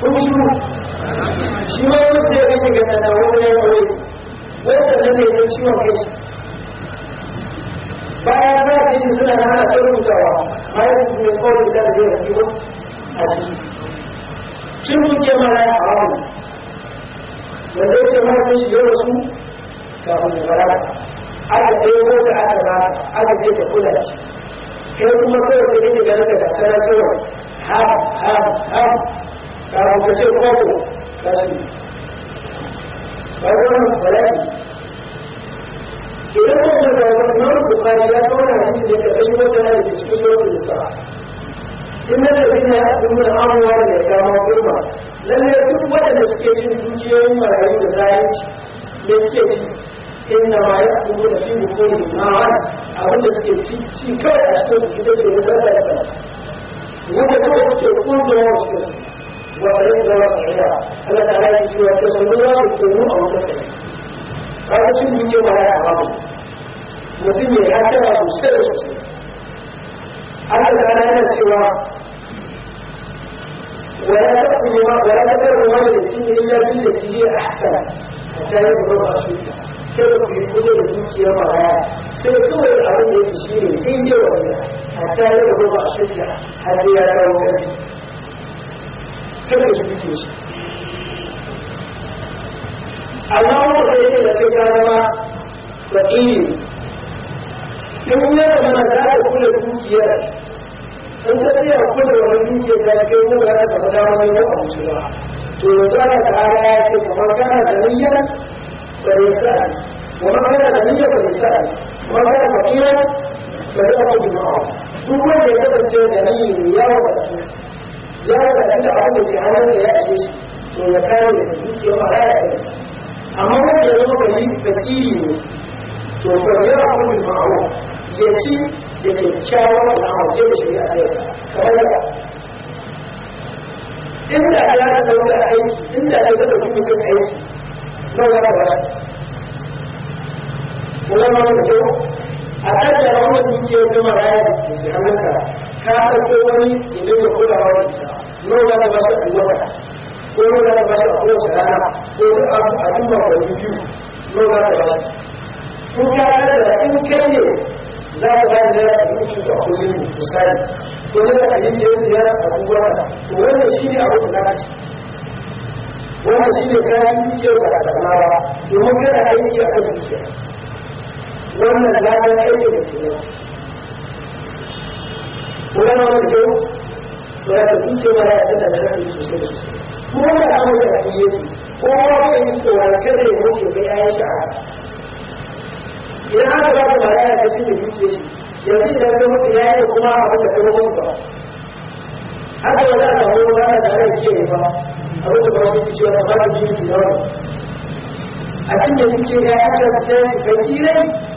kun shi shi ma wani sai ya kashe gana na wani ya kawai wai sannan ne ya ciwon kai shi ba ya kashe suna na hana sai rubutawa yi su ne kawai da zai rafi ba a ciki cin kuke mara ya hawa ne wanda ya ce mara kun shi yau su kafin ya fara aka ɗaya ko da aka ba aka ce ka kula kai kuma kawai sai kake ganin ka da ha ha ha ka hukace koko ka shi wannan bala'i idan kuma da wannan bukari ya kawo na hadisi ne karkashin wacce na da ke cikin shirin nisa da zina ya da amuwa da ya kama girma lallai duk waɗanda suke cin dukiyoyin marayu da zayanci ne suke ci inna ma ya haɗu da fi bukori ma'an abinda suke ci ci kawai a cikin ita ce ya zama da ta wanda kawai suke kungiya wa cikin وطريق الوصل عبارة الله تعالى يقول التصميم والقنوع والتصميم قال مسلم من يوم هذا أعرابي مسلم يهاتف مسلم مسلم الله تعالى أنا سوى ولا تقبل ولا تقبل والدتي إلا بالتي هي أحسن حتى يبلغ رسول الله kada ku yi kusa da dukiya ba haya sai kawai abin da yake shi ne in yi wa hatta ya rubu ba kai da shi shi amma da kai zama da in ya zama za ka kula dukiyar in ta kula wani dukiyar ta kai yau a musulma to yanzu ana ara ya ce kamar kana da niyyar farisa'a wani kana da niyyar kana da duk wanda ya kasance da niyyar ya zaɓi abin da ke hannun da ya ishe shi to ya kawo da ta dukiya ba ya yi amma wanda ya zama bari fakiri ne to kwanciyar abin ma'awa ya ci da kyakkyawan al'amar zai da shari'a da yadda kamar yadda inda ya ta ɗauka aiki inda ya ta ɗauki mutum aiki nan ya ba shi kuma ma da kyau a ƙarfi a wani dukiyar kuma raya da ke hannun ka ka ɗauko wani idan ya kula hawa isa n'o da na bashi a wata ko nau da na bashi a kowace rana ko duk abu a duma wani biyu nau da na bashi in ka kada in kai ne za ka ba da yara a yankin ka kullum misali ko ne ka yi biyar da a kuma wata to wannan shi ne abu da na ci wannan shi ne kayan biyar da ka ba domin kada aiki a kan dukiya wannan ladan aiki da ke ولا ما نرجو ولا تنسى ولا يتبع لنا في سوسيل هو ما عمل أحياني هو ما يمكن على كذا يموت في أي شعر إذا هذا بعد ما لا يتسل يموت يزيد أنه مقياه وما عمل أحياني وما هذا ولا تقول ولا تعالى يجيه أقول برامي في شيء أنا غير جيد في الأرض أتمنى يمكن أن أكثر سلاسل فكيرا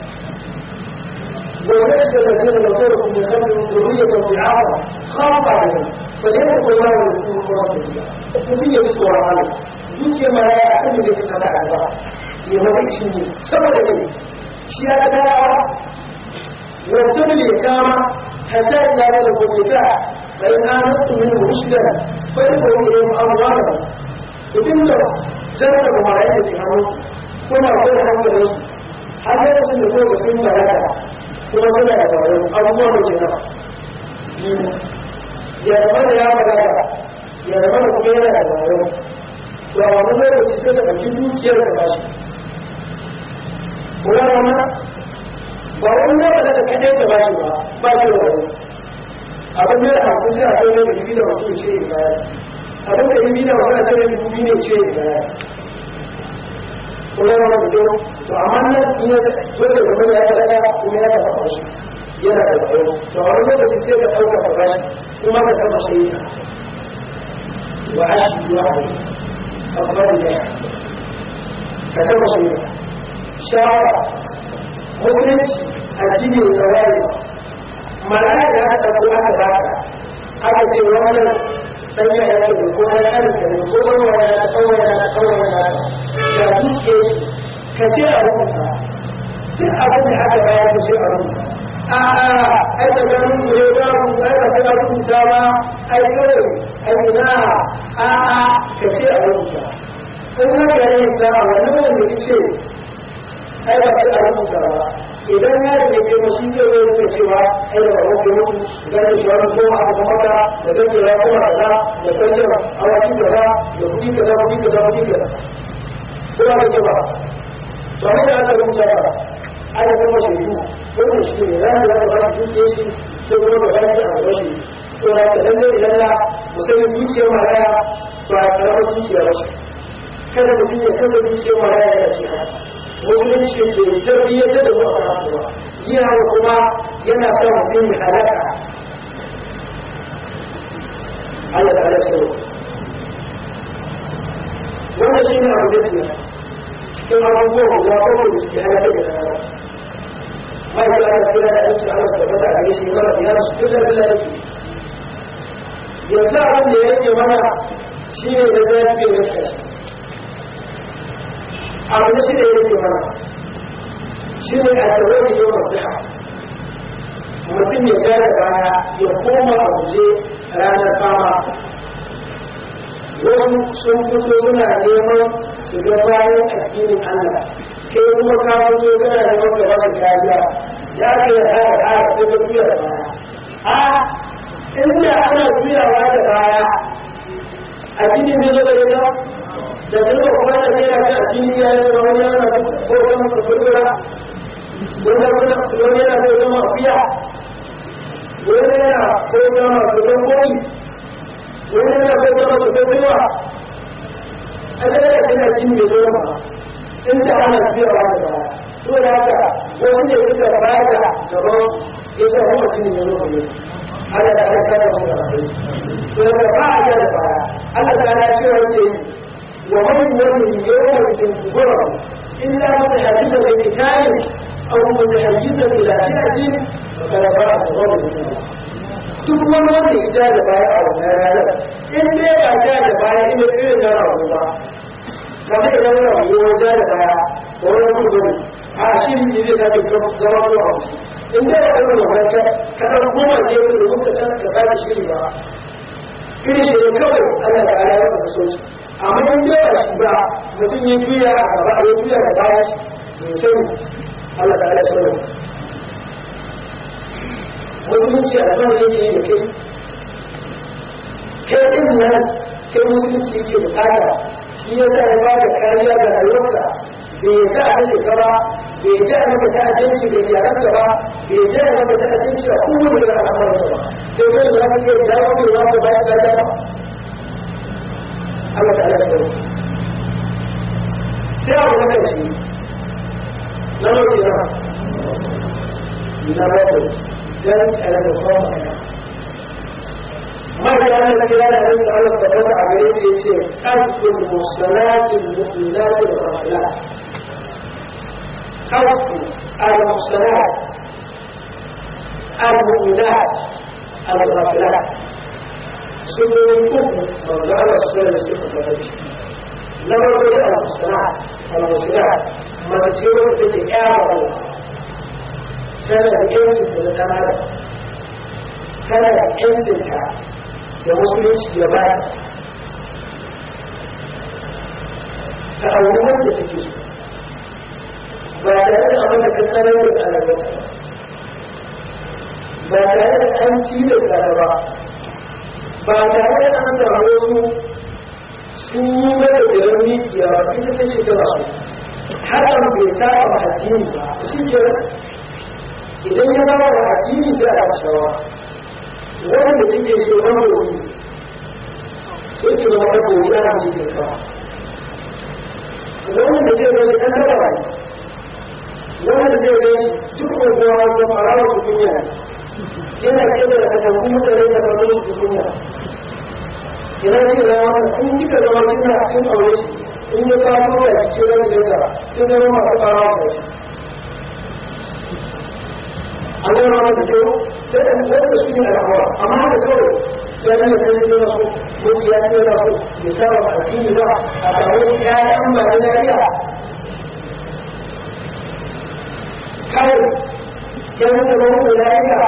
ووجد الذين نظروا من خلفهم في ضعاف خاف عليهم فليرقوا الله ويكونوا خاصين الذرية تسوى عليه دوكي ما لا يعتمد في سماع الله يهودي شنو سبب الذي شيئا دعوة وابتغوا اليتامى حتى إذا بلغوا النكاح فإن آنستم منه رشدا فإلقوا إليهم أموالهم وتملوا جنة ملائكة في حرمكم كما قول حرم الرسل حتى يصل لفوق سن kuma suna da faru abubuwan da ke nama yarma da ya balaga yarma da kuma yana da faru to a wani lokaci sai da ɗauki dukiyar da kuma rama ba wani ya balaga kaɗai da bashi ba bashi da faru abin da ya hasu sai a kai da dubi da wasu ce ya bayar abin da da wasu dubi ne ce ya bayar kuma rama da وعملنا سورة الأولى لنا ومنا تفقش ينا تفقش وعملنا بسيسية تفقش تفقش وما تفقش شيئا وعشت بلعبه أقبال الله تفقش شيئا شعر مسلم الدين الزوائد ملائكة تقول هذا ذاك هذا شيء ومنا سمع يده وأنا أنت وأنا أتقوى وأنا أتقوى وأنا أتقوى يا دوك يشي ka ce a rubuta duk abin da aka bayar ka ce a rubuta a'a ai da ganin mu ya gamu ai ba ka rubuta ba ai kawai ai ina a'a ka ce a rubuta in na gare sa wani wanda ya ce ai ba ka rubuta ba idan ya da ke masu yi zai rufe cewa ai da babu ke mutu idan da shi wani koma aka kuma da da zai ya kuma kaza da kanyar a kaza da kuɗi kaza kuɗi kaza kuɗi kaza. Kuma da ke ba, to haka ana rubuta ba ana kuma shaidu wannan shi ne za ka ba shi duke shi ko kuma ba shi a gaba shi to da ka lalle idan la musamman dukiyar maraya ba a karamar dukiya ba ce kada mutum ya kasa dukiyar maraya yana ce haka musulunci bai tarbiyyar da mu a karatu ba yawo kuma yana sa mutum ya halaka Allah ta halaka wannan shi ne abu da cikin abubuwan guda bakwai da suke hana daga rana mai da ana kira da abincin ana su tabbata a gare shi mara biya su duk da bila yake yanzu abin da yake mana shi ne da zai fiye da shi abu na shi yake shi ne ya gane ya koma a ranar fama wasu sun su ga bayan addinin Allah kai kuma ka fito kana da maka rashin kariya ya ka yi haka haka sai ka juya da baya a inda ana juyawa da baya addinin zai zo da ita da duka kuma da sai ya ga addini ya yi sauran yana da ko kan ka furgura wanda kuma wani yana ko kan mafiya wani yana ko kan masu kan koyi wani yana ko kan masu kan kowa أدرك أن الجن يزورها انتهى الكبير هذا سورة هذا وسنة سورة هذا جبار إذا هم الجن يزورهم هذا تعالى شهر الله سورة بعد الله تعالى شهر الله ومن يرمي يوم الجن إلا متحدثا بمكانه أو متحيزا إلى فئة فلا باع بظلم الله သူဘလုံးတွေကြားတဲ့ပိုင်းအောင်တယ်အင်းတွေကကြားတဲ့ပိုင်းအင်းတွေကြားတော့ဘူးလားဒါပေမဲ့လည်းရောကြားတဲ့ပိုင်းဘောလုံးကိုအာရှိမီဒီစားတဲ့ကြောက်ကြောက်တော့အင်းတွေကလည်းဘယ်ကကတော့ဘုမကြီးကိုကစားကစားရှိပါကိရှိရောက်တဲ့အလကားရောဆိုချင်အမေတို့ကရှိပါမတင်ပြရတာဘာလို့ပြရတာလဲဆိုအလကားလဲဆို musulunci alfahari yake da kai kai din nan kai musulunci yake bukata shi ya sa ya ba da kariya ga rayuwarka bai yadda a kashe ba bai ta a maka ta'addanci da iyalanka ba bai yadda a maka ta'addanci a kowane da al'amuranka ba sai dai ya fi yadda ya fi yadda ba ya da ba Allah ta ala shi sai abu na kashi na lokaci na na مثلا على الإصابة ماذا قال الذي لا يعلم أن الصلاة عملية يتيم خلق المحصنات المؤمنات الغافلات خلق المحصنات المؤمنات الغافلات سنة الكفر من زعل السنة لسنة ذلك لما قلت المحصنات المحصنات ما تتيرون في الإعادة tana da yancinta da ɗan adam tana da yancinta da musulunci ya ta auri wanda take ba tare da abin da ka tsarar da ɗalibata ba tare da an tilasta da ba ba tare da an samu wasu sun yi mata da rauni kiyawa ita ta ce ta ba har an bai sa a ba addini ba shi ke idan ya zama da addini sai a masa rawa wanda take so wani wani sai ki zama da gobe ana mai kirka wanda zai gashi ɗan daba wani da zai gashi duk gobewa zama a rawar duniya yana kira da katakun mutane da sabon su duniya ina ne da wani kun kika zama kina cikin aure shi in ya kawo da kira da ya zama sun zama masu ƙarawa da shi أنا ما أتجو سأل سأل فيه الأحوال أما أتجو سأل سيدي رسول مبياتي رسول بسبب أكيد له أتعود يا أمة إلهية كيف كيف تكون إلهية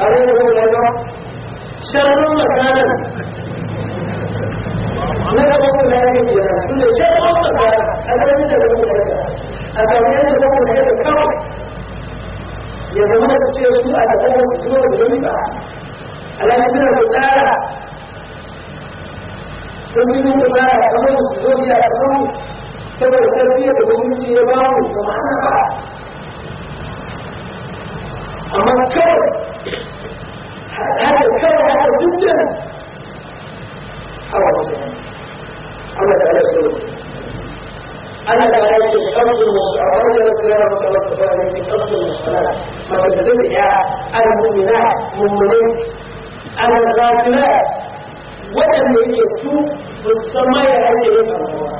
أريد أن أقول شر مكانا نتبقى ذلك يا رسول شر مكانا أتعود أن أقول لك أتعود أن أقول لك كرم ya zama su ce su a tafiya su tuno su gani ba alhaji suna da tsara sun sun yi tsara kamar su zo ya kaso saboda tarbiyya da mutunci ya bamu ga ma'ana ba amma kawai haka kawai haka sun jira a wajen Allah ta ala shi أنا لا يجب فرض المصلاة ورجل الكلام صلى الله عليه وسلم يجب فرض المصلاة ما تبدل يا المؤمنات مؤمنين أنا الغافلات وأن يسوء والسماء أجل الله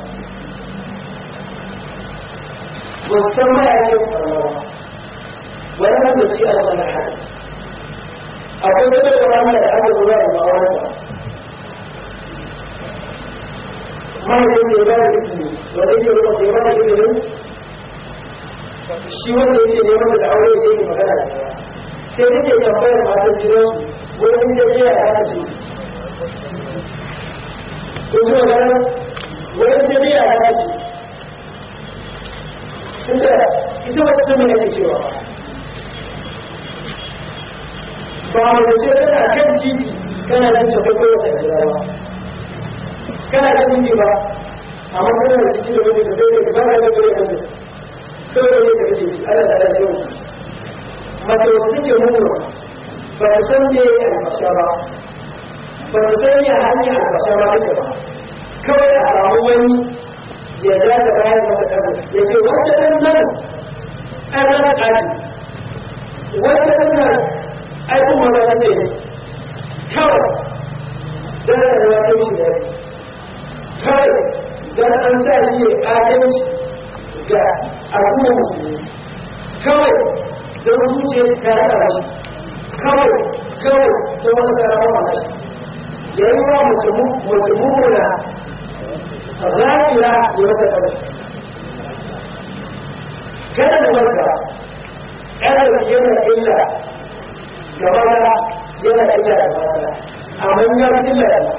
والسماء أجل الله ولم يجب الله الحال أقول لك أنا أجل الله ما أرسل ما يجب الله اسمه wanda yake rubar da yawa da shi neman aure magana da sai da ita wata sun cewa ba da ce kana ta da ta ba amma kana da jiki da wani sai da ba da wani yanzu da ne da jiki Allah ta dace mu mace wacce take mutuwa ba ta san me ya albasha ba ba ta san ya hanya albasha ba take ba kawai a samu wani ya ja ta bayan mata kasa ya ce wacce ɗan nan an rana ƙashi wacce ɗan nan ai kuma ba ce kawai da ta shi ne kawai don an sa shi ya adalci ga al'ummar musulmi kawai don zuciya shi ta rada shi kawai kawai don wani sarrafa mana shi yayin wa mutumuna rafira ya wata ƙasa kada da manta ƙasar yana illa gaba yana illa gaba amma ya fi illa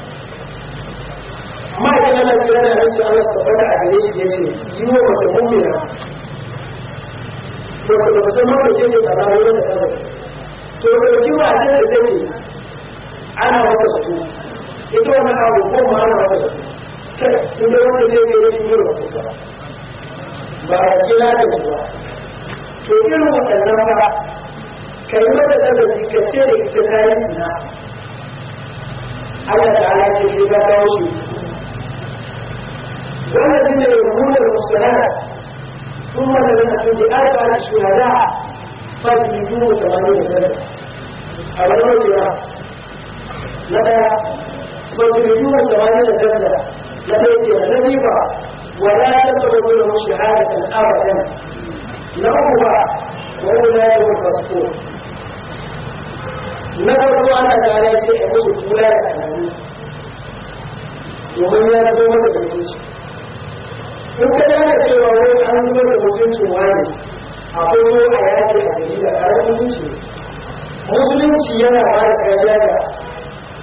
ma'aikin Allah ya yana nan cewa Allah subhanahu wa ta'ala shi yace yi wa ko ba ce ce da ba da kaza to ko ki ba da da ce ana wata su ita wannan abu ko ma ana wata su kai in da wata ce ne yake yi wa ba ba kira da ba to irin wannan ba kai mata da ka ce da ita kayan na Allah ta'ala ce ba kawo shi والذين يرمون المحسنات ثم لم يأتوا بأربعة شهداء فاجلدوه ثمانين سنة أولو يرى لدى فاجلدوه ثمانين سنة لدي نبيبا ولا تقبل لهم شهادة أبدا نعمها وأولئك هم الفاسقون na farko ana tare ce a musu kula da kanani in ka gane cewa wani an zubar da mutuncin wani akwai ko a yaki a gari da ƙarar mutunci musulunci yana ba da kariya ga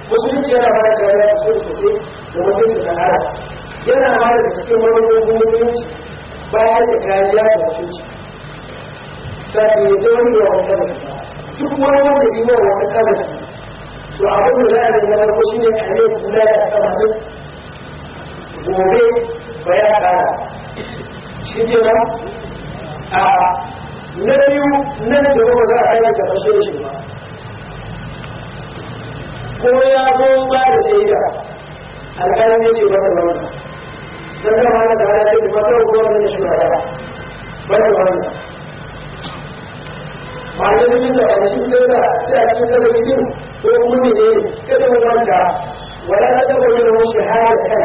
musulunci yana ba da kariya ga so sosai da mutuncin da ara yana ba da cikin mabukun musulunci bayar da kariya ga mutunci sai ya zo ne wa wata duk wani wanda yi wa wata kamar to abin da za a yi na farko shine a yi tunanin a gobe ba ya kara shi ke nan a na biyu na da gaba za a kai da ƙarshe da shi ba ko ya zo ba da shaida alƙalin ya ce ba da wannan dan da wannan da ya ce ba da wannan shi ba ba da wannan malamin bisa a cikin sai da sai a cikin talabijin ko kuma ne kada mu wanda ولا تدعو له شهادة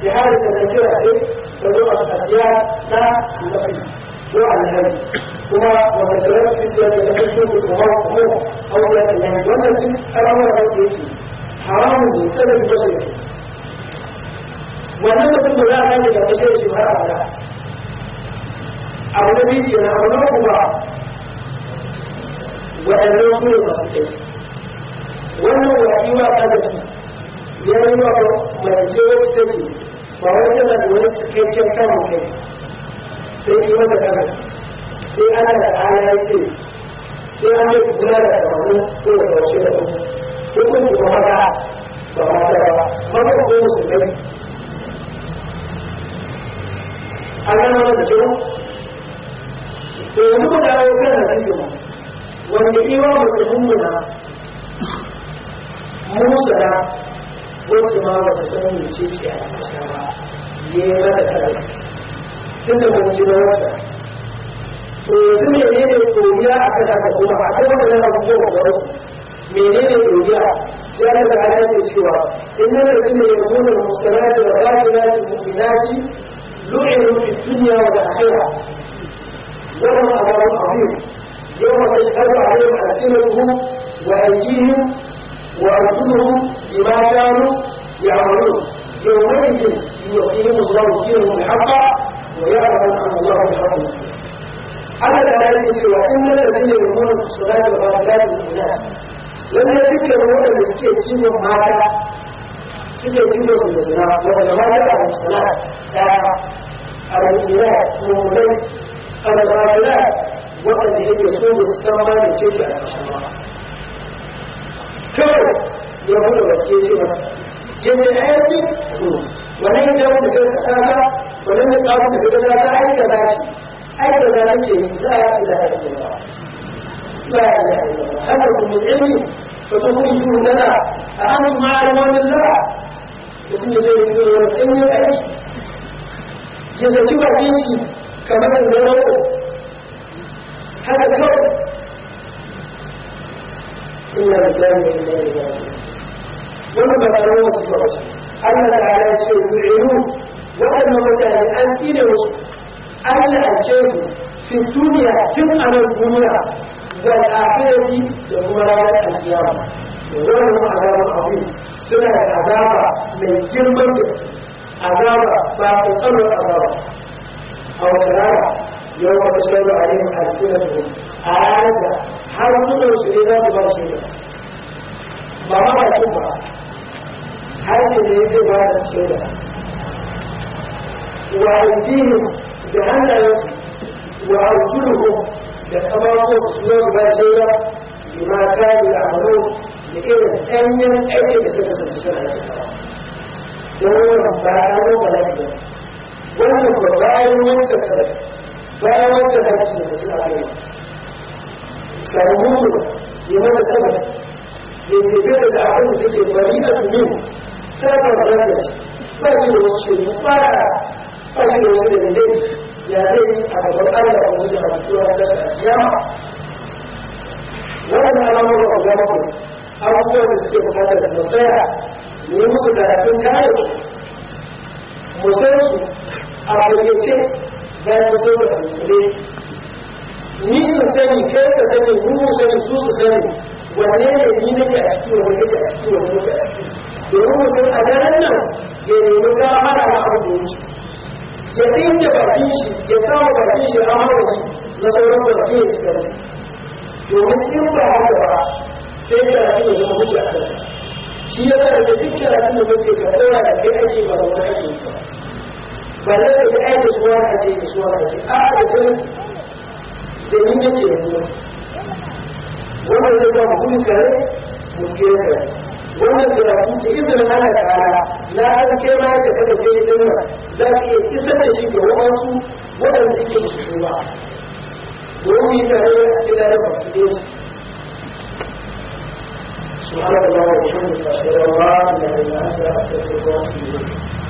شهادة تذكر إيه تدعو الاشياء لا النقي دعاء الهدي كما ومثلات في سيادة التذكر في القرآن الامور أو سيادة الهدي والنبي الأمر غير يجي حرام مبتدأ بجزء wannan mutum da za a yi هذا kashe shi har abada abu na biyu na abu na kuma waɗannan su ne masu ya yi wa mace wacce ta bi ba wani da wani cikakken kai sai yi wanda sai ana da ala ce sai an yi kudura da kamun ko da kawace da kuma ko kun Ba kuma ba ba Ba ta ba ba musu kai an gana wani da kyau to yanzu ku dawo kan hadisi ma iwa mutum mummuna musa wacce ma ba ta san wuce ce a cikin ba ya yi mata kare tun da mun ji na wata to yanzu ne ne ne koriya a kan haka kuma a kan wata yana kuma kwakwaro mene ne koriya ya na da ala ne cewa in yana da ne ya gona musulmati da rafina da mu'minati lu'inu fi duniya wa da akhira wannan abu abu yau ma tashhadu alaihim asiratuhum wa aydihim وأرسلهم بما كانوا يعملون يومئذ يعطيهم الله دينهم الحق ويعلم أن الله بحق على ذلك وإن الذين يؤمنون بالصلاة والزكاة والمؤمنات لم يذكروا أن يستيقظوا ماذا سيجدوا من الزنا وتجمعوا على الصلاة على الإله على وقد يصوم السماء kawai ya wani wace ce masa ya ce a yanzu wannan ya dawo daga kasa wannan ya dawo daga kasa ai da za ce ai da za ce la ilaha illallah la ilaha illallah haka kuma ilmi fa tukhrijuhu lana a amin ma'alamanillah mutum ya zai yi zuwa wani ɗanyen aiki ya zaki bakin shi kamar da zama haka kawai إن الإسلام لله wannan ba ba wasu ba wasu Allah ta ala ce yu'inu waɗannan mutane an tsine wasu an la'ance su fi duniya tun a nan duniya wal akhirati da kuma ranar alkiyama wannan azaba abin suna da azaba mai girman da azaba ba ta tsaro azaba a wata rana يوم تشهد عليهم ألسنتهم هذا هل سنة سيدا سبا سيدا ما ما يكون هل سيدا بعد سيدا وأيديهم بهذا يوم وأرجلهم لأمرهم سنة سبا سيدا بما كانوا يعملون لإن أين أين سنة سنة سنة يوم بعد يوم بعد يوم بعد يوم بعد bayan wancan da kashi da kashi a kai sarmuru ya mana tsanar ya ce bai da abin da take bari a tuni ta babbar da shi ba shi da wasu shi ba ba shi da wasu da ne ya zai a gaban allah a wajen abubuwa ta shafiya wannan alamun a gaban abubuwan da suke bukatar da tsaya ne musu da rafin kayan su musayensu a bayyace bayan sun su hankali ni in sani kai ka sani mu mu sani su su sani wanne ne ni nake a ciki wani nake a ciki wani nake a ciki domin mutum a daren nan ya nemi ta hana na abu da wuce ya tsinke bakin shi ya samu bakin shi a hawaye na sauran bakin ya cika da domin in ba haka ba sai ka rafi ya zama wuce a kan shi ya sa da sai duk da rafi da wuce ka tsaya da kai ake ba wata ake yi ba ba na da ai da suwa ka ce da suwa ka ce a da yi da mun yanzu wannan zai sa mutum kare mu kira kare wannan karatu da izinin Allah ta'ala na an kai ma ka kada kai din za ka iya isar da shi ga wasu waɗanda yake musu shugaba domin yi tare a cikin lalata su ne su سبحانك اللهم وبحمدك اشهد ان لا اله الا انت استغفرك واتوب اليك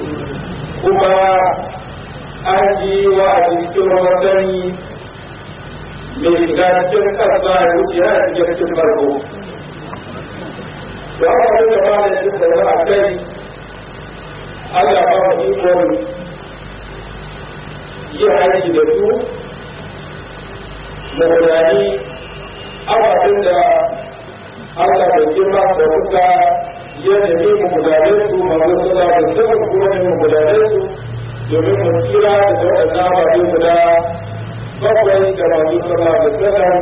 kuma an yi wa a cikin wani mai shiga cikin kasuwa ya wuce yana shiga cikin farko ya aka yi da ba da cikin da a kai Allah ba mu yi aiki da su da gudani ababen da Allah da girma da kuka yadda da ke gudanar su ba mu suna da zama kuma ne mu su domin mu kira da sauran nama ne guda bakwai da masu suna da zama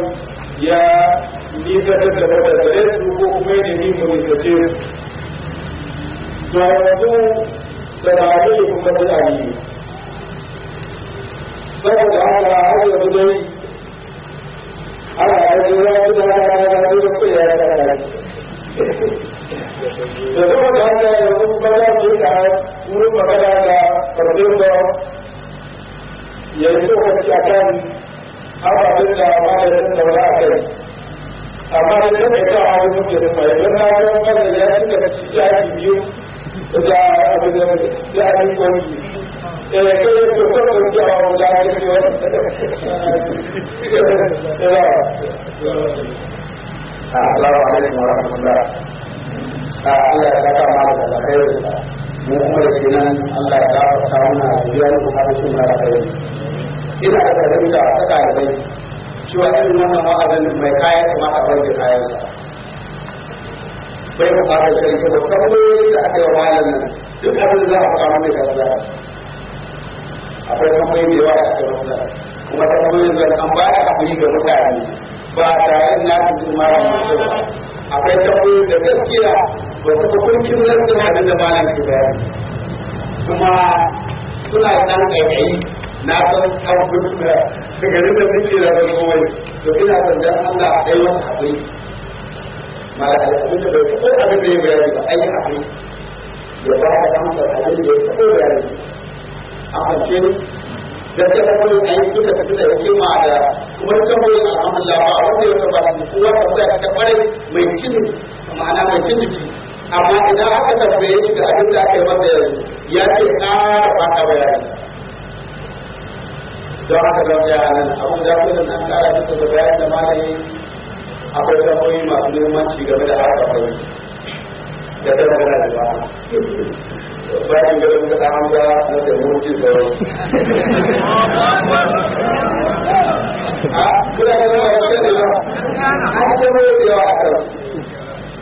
ya nisa da zama da gare su ko kuma ne ni mu nisace su to yanzu sarari ne kuma da aliyu saboda haka har yanzu dai ana yanzu ya fi da haka ya fi da kuɗi ya fi da da duka da hana ya kuma bada ke ka wurin magana da farfin da ya yi lokaci a kan ababen da malamin da wani a kai amma da ta kai ta hawa sun ke sun mai don na yau kan da ya fi daga cikin ake biyu da abin da ya fi kwanu da ya kai yadda kwanan da ya hawa da ya fi wani السلام عليكم ورحمة الله a ah, Allah ya saka ma da alkhairi mu kuma da kenan Allah ya gafarta mana biya mu bukatun su na alkhairi ina da fahimta ta ɗalibai cewa irin wannan wa'azin mai kaya kamata a rage kayansa bai bukatar shari saboda kawai da aka yi malamin duk abin da za a faɗa mai kasa akwai kamar da yawa da aka yi kuma ta kamar da an baya hakuri ga mutane ba tare da na cikin malam ba akwai tambayoyi da gaskiya ba su hukuncin zartin abin da malam ke bayani kuma suna ɗan ƙaiƙayi na san kan gudu da garin da suke da ban kowai to ina son dan Allah a kai wasu haƙuri malam da bai ko abin da ya bayani ba ayi haƙuri ya ba ka amsa abin da ya ko bayani a ce da ta kuma yin ayi duka ta fita da kima da kuma ta kuma yin alhamdulillah ba wanda ya taba da kowa ta kuma ta kware mai cin ma'ana mai cin jiki amma idan aka tambaye shi ga a da aka yi masa yanzu ya ce ƙara fata bayani don haka zan tsaya a nan abin da kuma nan ƙara bisa da bayan da malami akwai tambayoyi masu muhimmanci game da haka bai da ta magana da ba bayan garin kasa hamza na samun da tsaro a kuna da zama ya ce da an ce mai da yawa a kan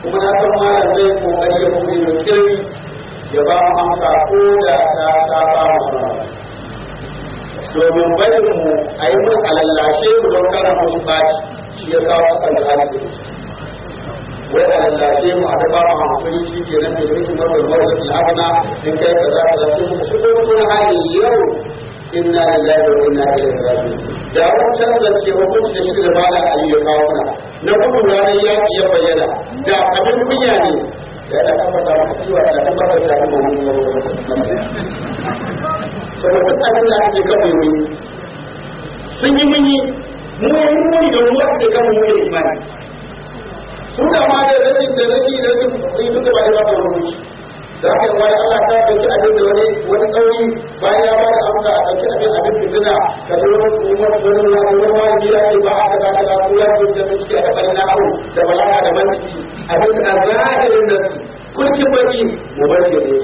kuma na san ma da zai kuma da ya kuma yi kiri ya ba mu amsa ko da ta ta ba mu sana domin barin mu a yi mun alallashe mu don kana mu baci shi ya kawo kan da wai a lalace mu a daba ma hakuri shi ke nan da suke mabar mabar al'adana in kai ka za ka zafi mu su ko kuma hali yau inna lillahi wa inna ilaihi raji'un da wani canzance hukunci da shi da bala a yi ya kawo mana na gudu ranar yaƙi ya bayyana da abin kunya ne da ya kafa ta wata ciwa da kuma ta shafi mamun yau da saboda abin da ake kafa yi sun yi munyi mu yi muni da ruwa da kafa mu da imani suna ma da rashin da rashi da rashin yi duka ba da ba da wani da haka wani Allah ta ɗauki abin da wani wani tsauri bayan ya ba da a ɗauki abin abin fitina ka zo wani wani wani wani wani wani ya ne ba a ka ka ko ya ce da shi da bari na da bala'a da bandiki abin da zahirin da su kulki baki mu bar ke ne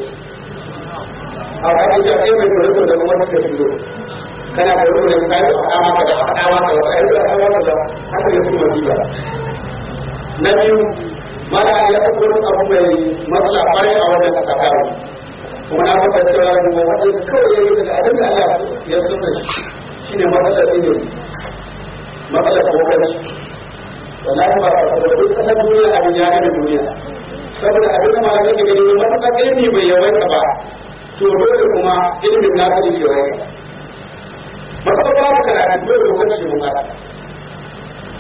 a kan da ke mai kuri da wani da shi kana da wani da kai a kama ka da a kama ka da a kama ka da da yake k na biyu mana ya ɗaukar abu mai matsala ƙwarai a wannan ƙasa ta kuma na faɗa cewa da mai matsala kawai ya yi daga abin da Allah ya so shi ne matsalar ilimi matsalar kokarci wallahi ba ta da duk ƙasar duniya abin ya gane duniya saboda abin da malamai ke gani matuƙar ilimi bai yawaita ba to dole kuma ilimin na kudi yawaita matuƙar babu karatu dole lokaci mun kasa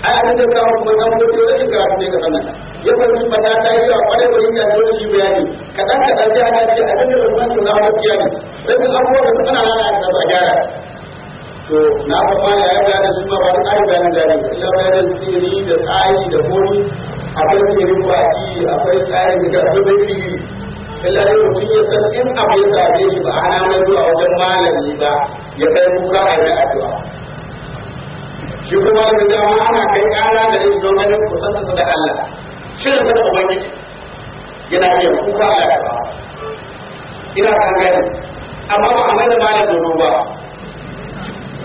ai abin da kawo kuma kawo da dole shi karatu ne gaban nan ya fahimci ba ta yi yawa kwarai kwarai da dole shi bayani kaɗan kaɗan sai ana ce abin da Usman ke nawa gaskiya ne rabin abubuwan da suka na a ba gyara to na ba ma ya yarda da su ba ba ta yi gari illa bayanin sirri da tsari da komi akwai sirrin baki akwai tsari da akwai bayi illa dai mutum ya san in abu ya same shi ba ana mai zuwa wajen malami ba ya kai kuka a yi addu'a shi kuma da dama ana kai kara da yin don ganin kusantarsa da Allah shirin sa kuma ubangiji yana iya kuka Allah da ina kan gani amma ba a mai da malam dodo ba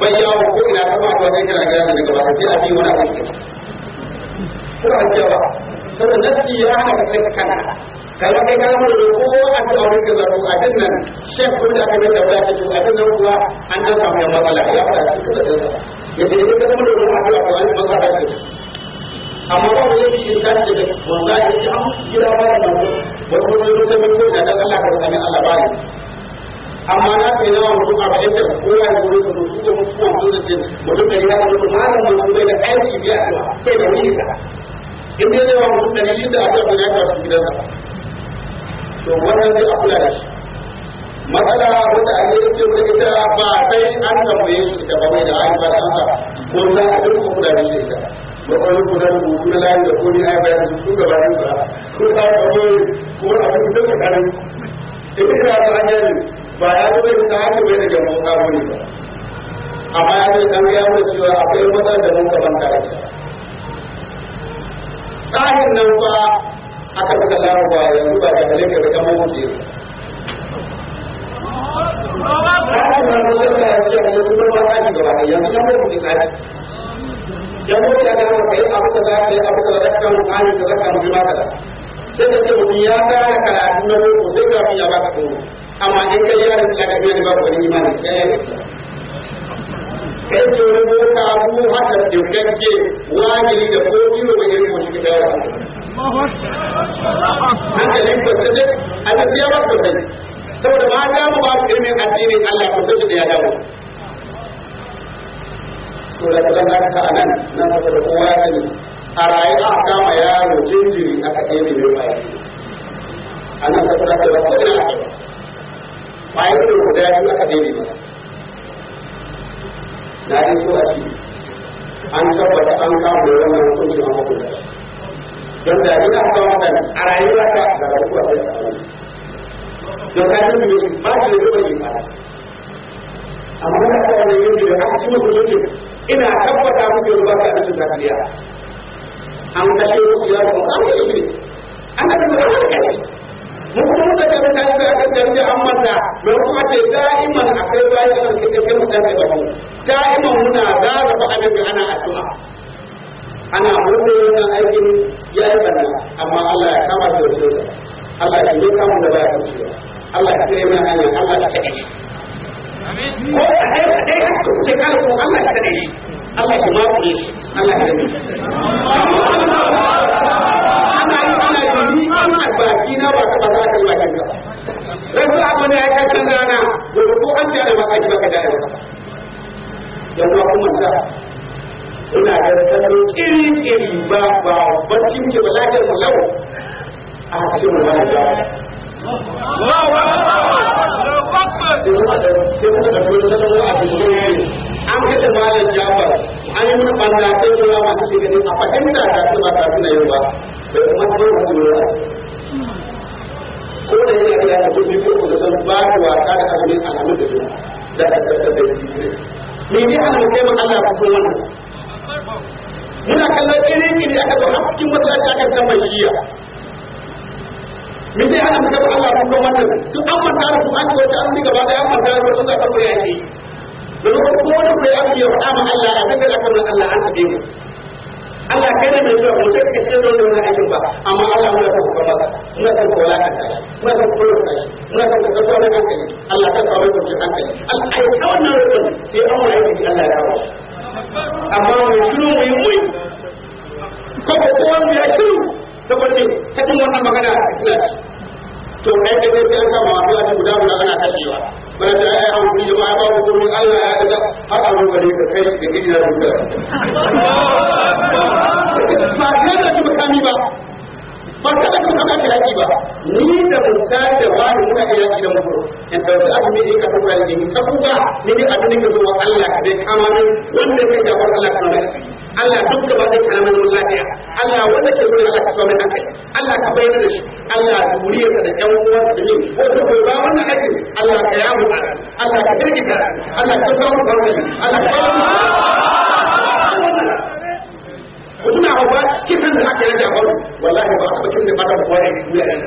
bai yawo ko ina ta ba kai kana gani daga ba sai a bi wani abu ke kuma jawa saboda nasi ya hana ka kai kana kaga kai kana da ko a ta aure ka zaro a din nan shekku da aka mai da wadatar a din kuwa an dan samu matsala ya fara da Eh, ya ce ne da ne shi da aka gidansa to wannan zai a kula da shi matsala wanda a yi yau da ita ba kai an tambaye shi ita ba da ayi ba da amsa ko za a duk da ita ba ko na su gaba ba ko ko a da ita ta hanyar ba ya zo da hanyar bai da jama'a ka ba amma ya zo cewa akwai da mun ta tsahin nan ba aka saka larabawa yanzu ba da da kamar wuce jamhuri ya gama kai abu da za ka yi abu da za ka mu kani da za ka mu jima kaza sai da ce mutum ya gane karatu na boko sai ga ya baka tsoro amma in kai ya rinka ka iya ba wani imani sai ya rinka kai ce wani boka abu haka dukkanke wani da ko kiro da irin wani gida ya rinka hankalin ba sai dai a gaskiya ba ko dai saboda ba damu ba ilimin addinin Allah ko dole da ya damu to da kaza da anan nan ka da kowa ya sani a rayu a kama yaro jinjiri aka ɗebe mai bayi anan ka da da ko ina aka bayan da guda biyu aka ɗebe ba na yi so a shi an tabbata an kama da wannan hukuncin a makulata don da ina kama da a rayuwa ta da a ta doka ta mai shi ba shi da zuba ne amma na kawo ne yin jira an ci muku ina tabbata muku yanzu ka da cuta kariya an kashe musu ya kuma an yi shi an kashe musu an kashe mu kuma muka ta da kashi da kan jarida an manta mai kuma ce da'iman akwai bayan da ke kai mu dan da mu da'iman muna zaga fa abin da ana addu'a ana murna wannan aikin ya yi banna amma Allah ya kama shi da Allah ya yi kamun da ba ya kauce Allah ya tsere mana hanyar Allah ya kaɗe shi ko a ɗaya a ɗaya haka kuke kala ko Allah ya kaɗe shi Allah ya makure shi Allah ya kaɗe shi ana yi ana yi ni ana baki na ba ka ba za ka yi bakin ka rasu abu ne ya kashin rana gobe ko an ce ana maka ji baka da ba yan uwa kuma sa ina da kallo kiri kiri ba ba bacci muke ba lafiyar mu lau aka ce mu zama da an jafar an yi mun ɓanna a fahimta ta su ba ta kuma ne aka zo har cikin masallaci aka san shiya me zai hana mu gaba Allah ko wannan duk an manta da kuma an gaba an gaba da an manta da wannan zaka kure yake da ko ko wani kure aka yi faɗa ma Allah a kan da aka nuna Allah an tabe mu Allah kai ne mai zuwa mu ta kace don da wannan aikin ba amma Allah mu da kuma masa muna san ko laka ta muna san ko laka shi muna da hankali Allah ta kawo mu hankali Allah ai ta wannan rubun sai an wani aiki Allah ya kawo amma mai shiru mai muyi kawai kowa ya shiru saboda ta ɗin wannan magana a islam to ɗaya da ɗaya sai an kama masu yaji guda guda kana kallewa bana ta yi hankali da ma'a babu gurin allah ya ɗaga har a rubare ka kai da gidan rukar ba sai da ji makami ba ba ka da kuma ka yaki ba ni da ta da wani muna da yaki da mutum in da wata abin da yake kafa da yake ka buga ne da abin da zuwa Allah da kamarin wanda kai da Allah kan Allah duk da wani kalamin lafiya Allah wanda ke zuwa Allah ka so mai akai Allah ka bayyana shi Allah duriyarsa da ƴan uwan da ne wanda bai ba wannan aikin Allah ka yamu Allah ka kirkita Allah ka kawo Allah ka kawo mutum na hawa kifin da haka ya faru wallahi ba ta bakin da ba ta buwa da duniya nan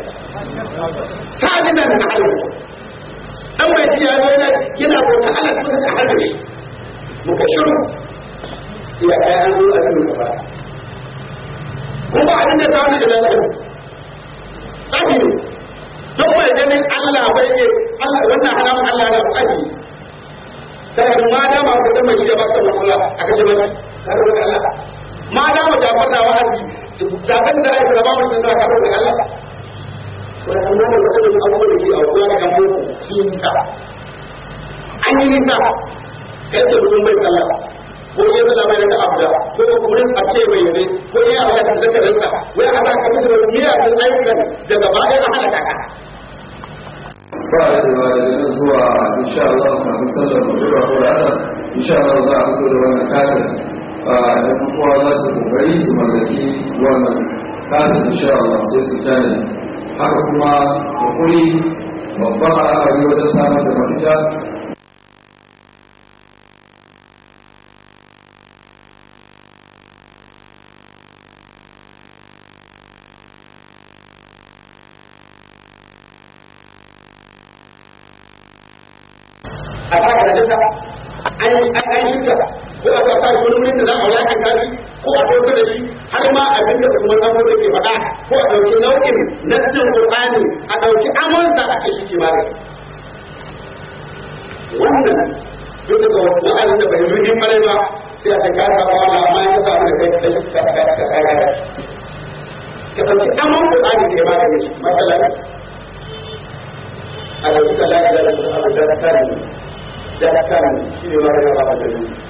ta ji nan na halu dan mai shi ya zo yana yana bauta Allah tun da halu shi muka shiru ya kai an zo a cikin gaba kuma abin da zamu ji nan tsafi ne don mai ganin Allah bai ne Allah wannan haramun Allah na tsafi da ma dama ko da mai shi ya baka matsala a kashe mai karuwa Allah ma da mu jafar na wa'azi zaben da ai da ba mu da ka da Allah ko da kuma da kuma abubuwa da ke aukuwa da kan shi nisa an yi nisa kai da mutum bai sallah ko ya zama mai da abuda ko da kurin a ce bai yabe ko ya Allah da zaka rinka wai a ta kamar da miya da ayyukan da gaba ɗaya a halaka ka ba da zuwa insha Allah kafin sallar magriba ko da insha Allah za a fito da wannan kasar da kuma za su kokari su mallaki wannan kasin insha Allah sai su kyale haka kuma hakuri babban al'amari wajen samar da mafita a ko a kasa wani wurin da za a wulakan tashi ko a ɗauke da shi har ma abin da usman abu da ke faɗa ko a ɗauki nau'in na cin ƙur'ani a ɗauki amonsa a kai ke magani wannan duk da wa'azin da bai yi ƙwarai ba sai a ce ka saba wala amma ya samu da kai da shi ka tsaya da shi ka ɗauki amon ƙur'ani ke magani matsala a ɗauki kallon da abin da ta kare da ta kare da ne magani da a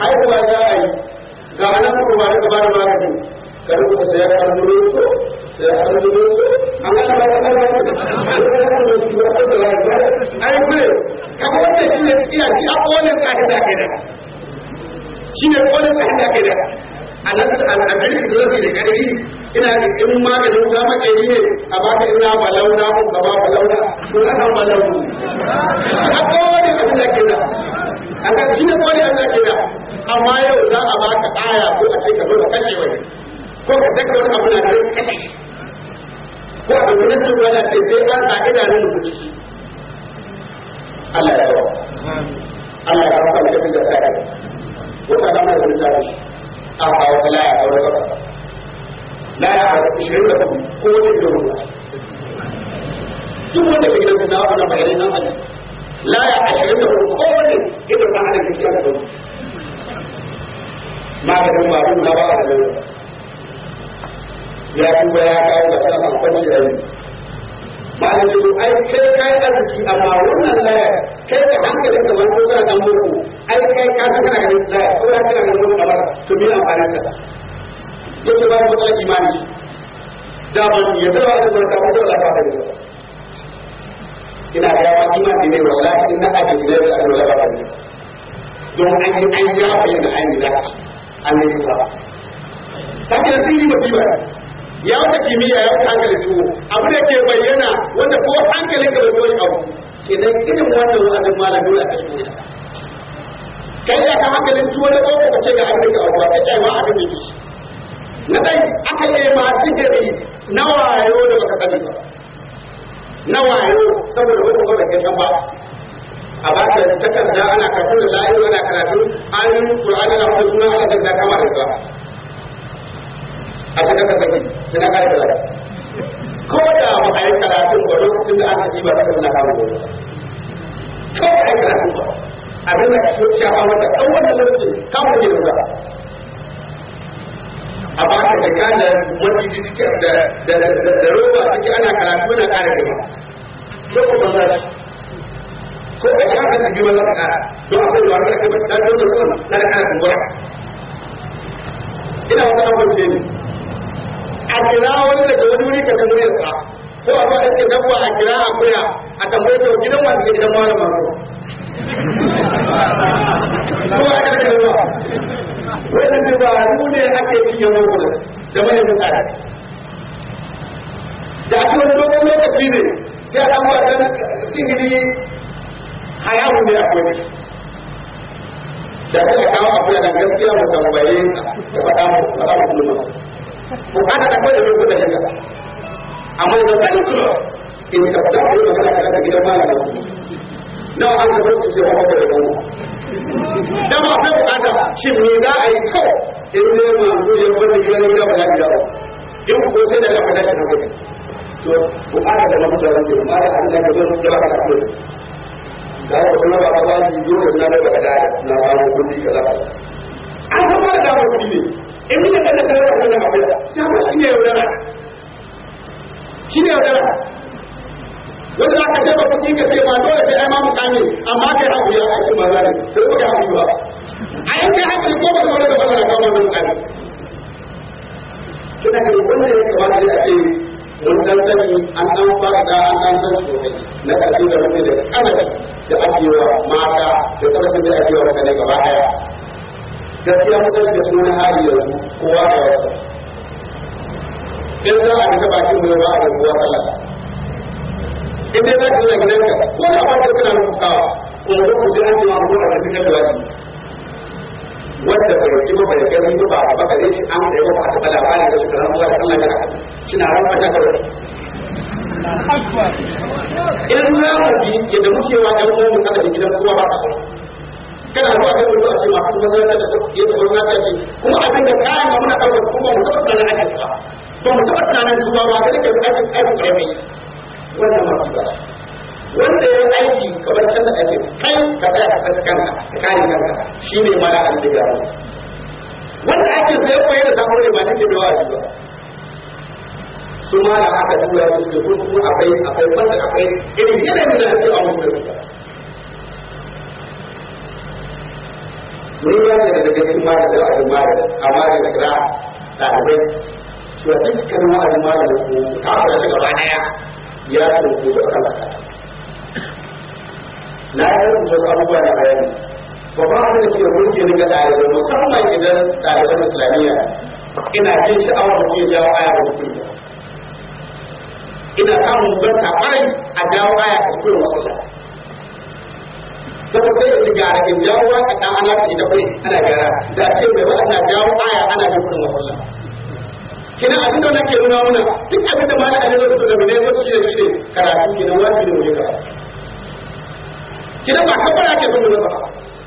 haihuwa za a yi ga anan kuma da ka magani ka rubuta sayar an zuro so sayar an zuro so an ga ba ka ba ka ai kure ka wanda shi ne tsiya shi a kone ka da da shi ne kone ka da kaida anan al'amari da zai da kai ina da in maganin ka maka yi ne a baka ina balauna ko gaba balauna ko ana balauna a kone ka da kaida a kan shi ne kawai Allah ke da amma yau za a baka aya ko a ce ka zo ka kashe wani ko ka daka wani abu na kashe ko a ɗauki nan turuwa na ce sai an sa idanun da kuci Allah ya rawa Allah ya rawa da ta Ko wata zama da wani tarihi a kawo ta laya a wani kafa laya a wani ishirin da ko da wani duk wanda ke gidan su na wani nan Allah la ya ashirin da kuma kowane idan ba ana gaskiya da kuma maganin ba na ba a nan ya yi ba da su ai kai kai arziki amma wannan laya kai da hankalin da wani kusa da muku ai kai ka san kana ganin laya ko ya kana ganin wani kamar to me amfanin ka yace ba mu da imani da ban yadda ba da barka ko da yi. kina da yawa kina da ne wallahi na ake ne da Allah ba ne don an yi an ya bayyana an yi da an yi ba ta kira sirri musiba ya wata kimiyya ya hankali tuwo abu da ke bayyana wanda ko hankalin ka bai abu kenan irin wannan wa'azin malam dole a kashe ne kai ya ka hankalin tuwo da kofa ka ce ga abin ka abuwa ta kyaiwa abin da ke na dai aka yi ma sikari na wayo da baka sani ba na wayo saboda wani ke ba a ba ta takarda ana karatu da ana karatu an yi suna ana da ba a cikin kare ko da ba a yi ba lokacin da aka yi ba na da ko a yi ba abin da shafa lokacin da amma ka da gane maciji cikin da roba ciki ana karatu na ƙara gaba ko ba za ko ka yi haka biyu wani ƙara don akwai da wani ƙarfi ta da kuma na da ƙara ina wata abubuwa ne a kira wani daga wani wuri ka zama yasa ko a ba ake dabba a kira a kuya a tambayar gidan wani gidan wani maro kuma aka wannan dabaru ne ake cikin rukuna da mai mutane da ake wani dogon lokaci ne sai a ɗan wasan sihiri hayahu ne akwai da kuma kawo abu da gaskiya mu tambaye da faɗa mu faɗa mu kuma ko ana da kawai da rukuna da shaka amma da zai kuma in ka faɗa mu da kana kana gidan malamin nawa an ga lokaci wa da rukuna dan ba bukata shi me za a yi to in ne ma zo ya bada gidan da ba ya in ko sai da ka dace haka to bukata da na mutane da ma da Allah ya da ba ka kai da ba kuma ba ba ji na da ba da na ba mu kudi kaza an san ba da mu kudi ne in ne da ka da ka da ya ba shi ne yaudara shi ne yaudara wanda aka ce ba kuɗi ka ce ba dole sai ai mamu kane amma kai hakuri a aiki maza ne sai kuka ba a yin kai hakuri ko ba kamar da bala kawo mamu kane kina ga wannan ya kamata ya ce mun dan sani an dan fara da an dan san sosai na karshe da mutum da kanada da ake yi wa mata da karfin da ake yi wa mutane gaba daya gaskiya mun san da sunan hali yanzu kowa da wata in za a fita bakin a rubuwa sallah in dai za ka zo daga ko da ba ka kana rubutawa ko da ku sai an yi wa ruwa da cikin lafiya wanda bai ci bai gani ba ba ba kare shi an da ba ta bala bani da su kana ruwa da Allah ya kina ran fata ka in za mu bi yadda muke wa ɗan uwan mu kada gidan kowa ba ka kana zuwa kan mutu a ce ma kuma zai da yadda wani na ce kuma abin da kayan ma muna ɗaukar kuma mu taɓa tunanin ajiyar ba ba mu taɓa tunanin tuba ba kada ka yi aikin ƙarfi ƙarfi wannan masu ba wanda ya aiki kamar canza aiki kai ka tsaya ka tsaya kanka ka kare kanka shi ne mara an diga wanda ake sai koyar da sabon ne ba ne ke da ba su ma da aka tura su da kuma akwai akwai wanda akwai irin yanayin da ake a wurin da mun yana da daga cikin mara da wa'adin mara a mara da kira ɗalibai cewa dukkan wa'adin mara da ku ta fara shi gaba ɗaya ya rubuta su akan laka na ya rubuta su abubuwa na bayani babban abin da ke mulki ne ga ɗalibai musamman idan ɗaliban islamiyya ina jin sha'awar da ke jawo aya da kuɗi ina samun barka ƙwarai a jawo aya a cikin masallaci saboda sai in gyara in jawo waka dan ana ta ita kai ana gyara da ce mai wata jawo aya ana yin kuɗin masallaci kenan abin da nake nuna mana duk abin da ma na ajiyar da da ne ko shi ne karatu kenan wani ne wani ka kenan ba kafara ke ba ba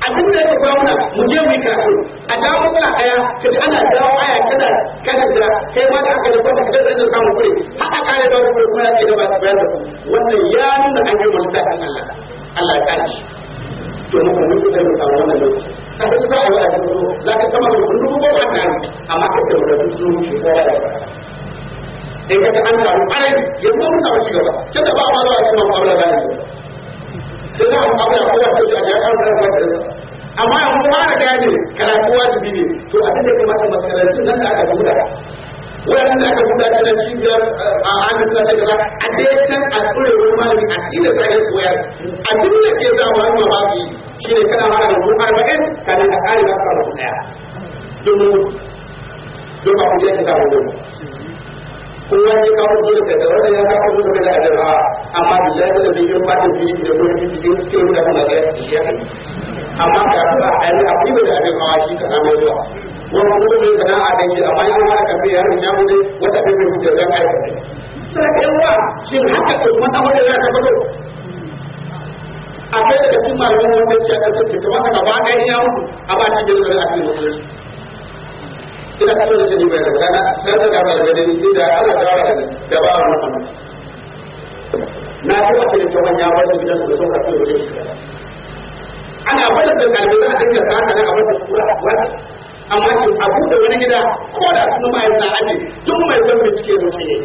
abin da yake ba mana mu je mu karatu a ga matsala daya ji ana da aya kada kada jira kai ma da aka da kwata kada da zaka mu kure haka kare da kure kuma ke da ba ta bayar da ku wannan ya nuna an yi mulka Allah Allah ya kare shi to mu kuma mu da wannan lokaci sannan za a yi wa'azin su za ka sama da kullum ko wannan amma ka ce wadatu su shekara da in ka ta an samu ƙarai yanzu mun samu ci gaba tun da ba ma zuwa cikin mamu abla bayan tun da mamu abla ko da ko shi a ya kan fara fara amma yanzu ma da gane karatu wajibi ne to abin da kamata makarantun nan da aka buɗa wanda aka gudanar da cibiyar eh, a amurka da gaba a dai can a tsure wani malami a inda ta yin koyar abin da ke za mu yi mamaki shi ne kana mara rubu arba'in ne ka kare ba ka rubu daya domin don ba ku je ka samu gudu kowa ne kawo gudu ka da wanda ya kawo gudu ka da ajiyar amma billahi da bai yin fadin fiye da kuma fiye da yin da kuma da ya kai amma ka ba a yi akwai da abin hawa shi ka samu zuwa kuma kuma mai sana'a da shi amma yana da kafe yaron ya mutu wata kafe mutu da zan aika ne sai ka yawa shi haka ko kuma saboda ya tabbata akwai daga cikin malamin wanda ya ce a ƙasar fita masa gaba ɗaya ya mutu a ba shi da yanzu a cikin ina kallon da shi bai sai da a za a dinga sa haka na a wata wata amma kin a buɗe wani gida ko da sun ma yana aje duk mai son mai suke zuci ne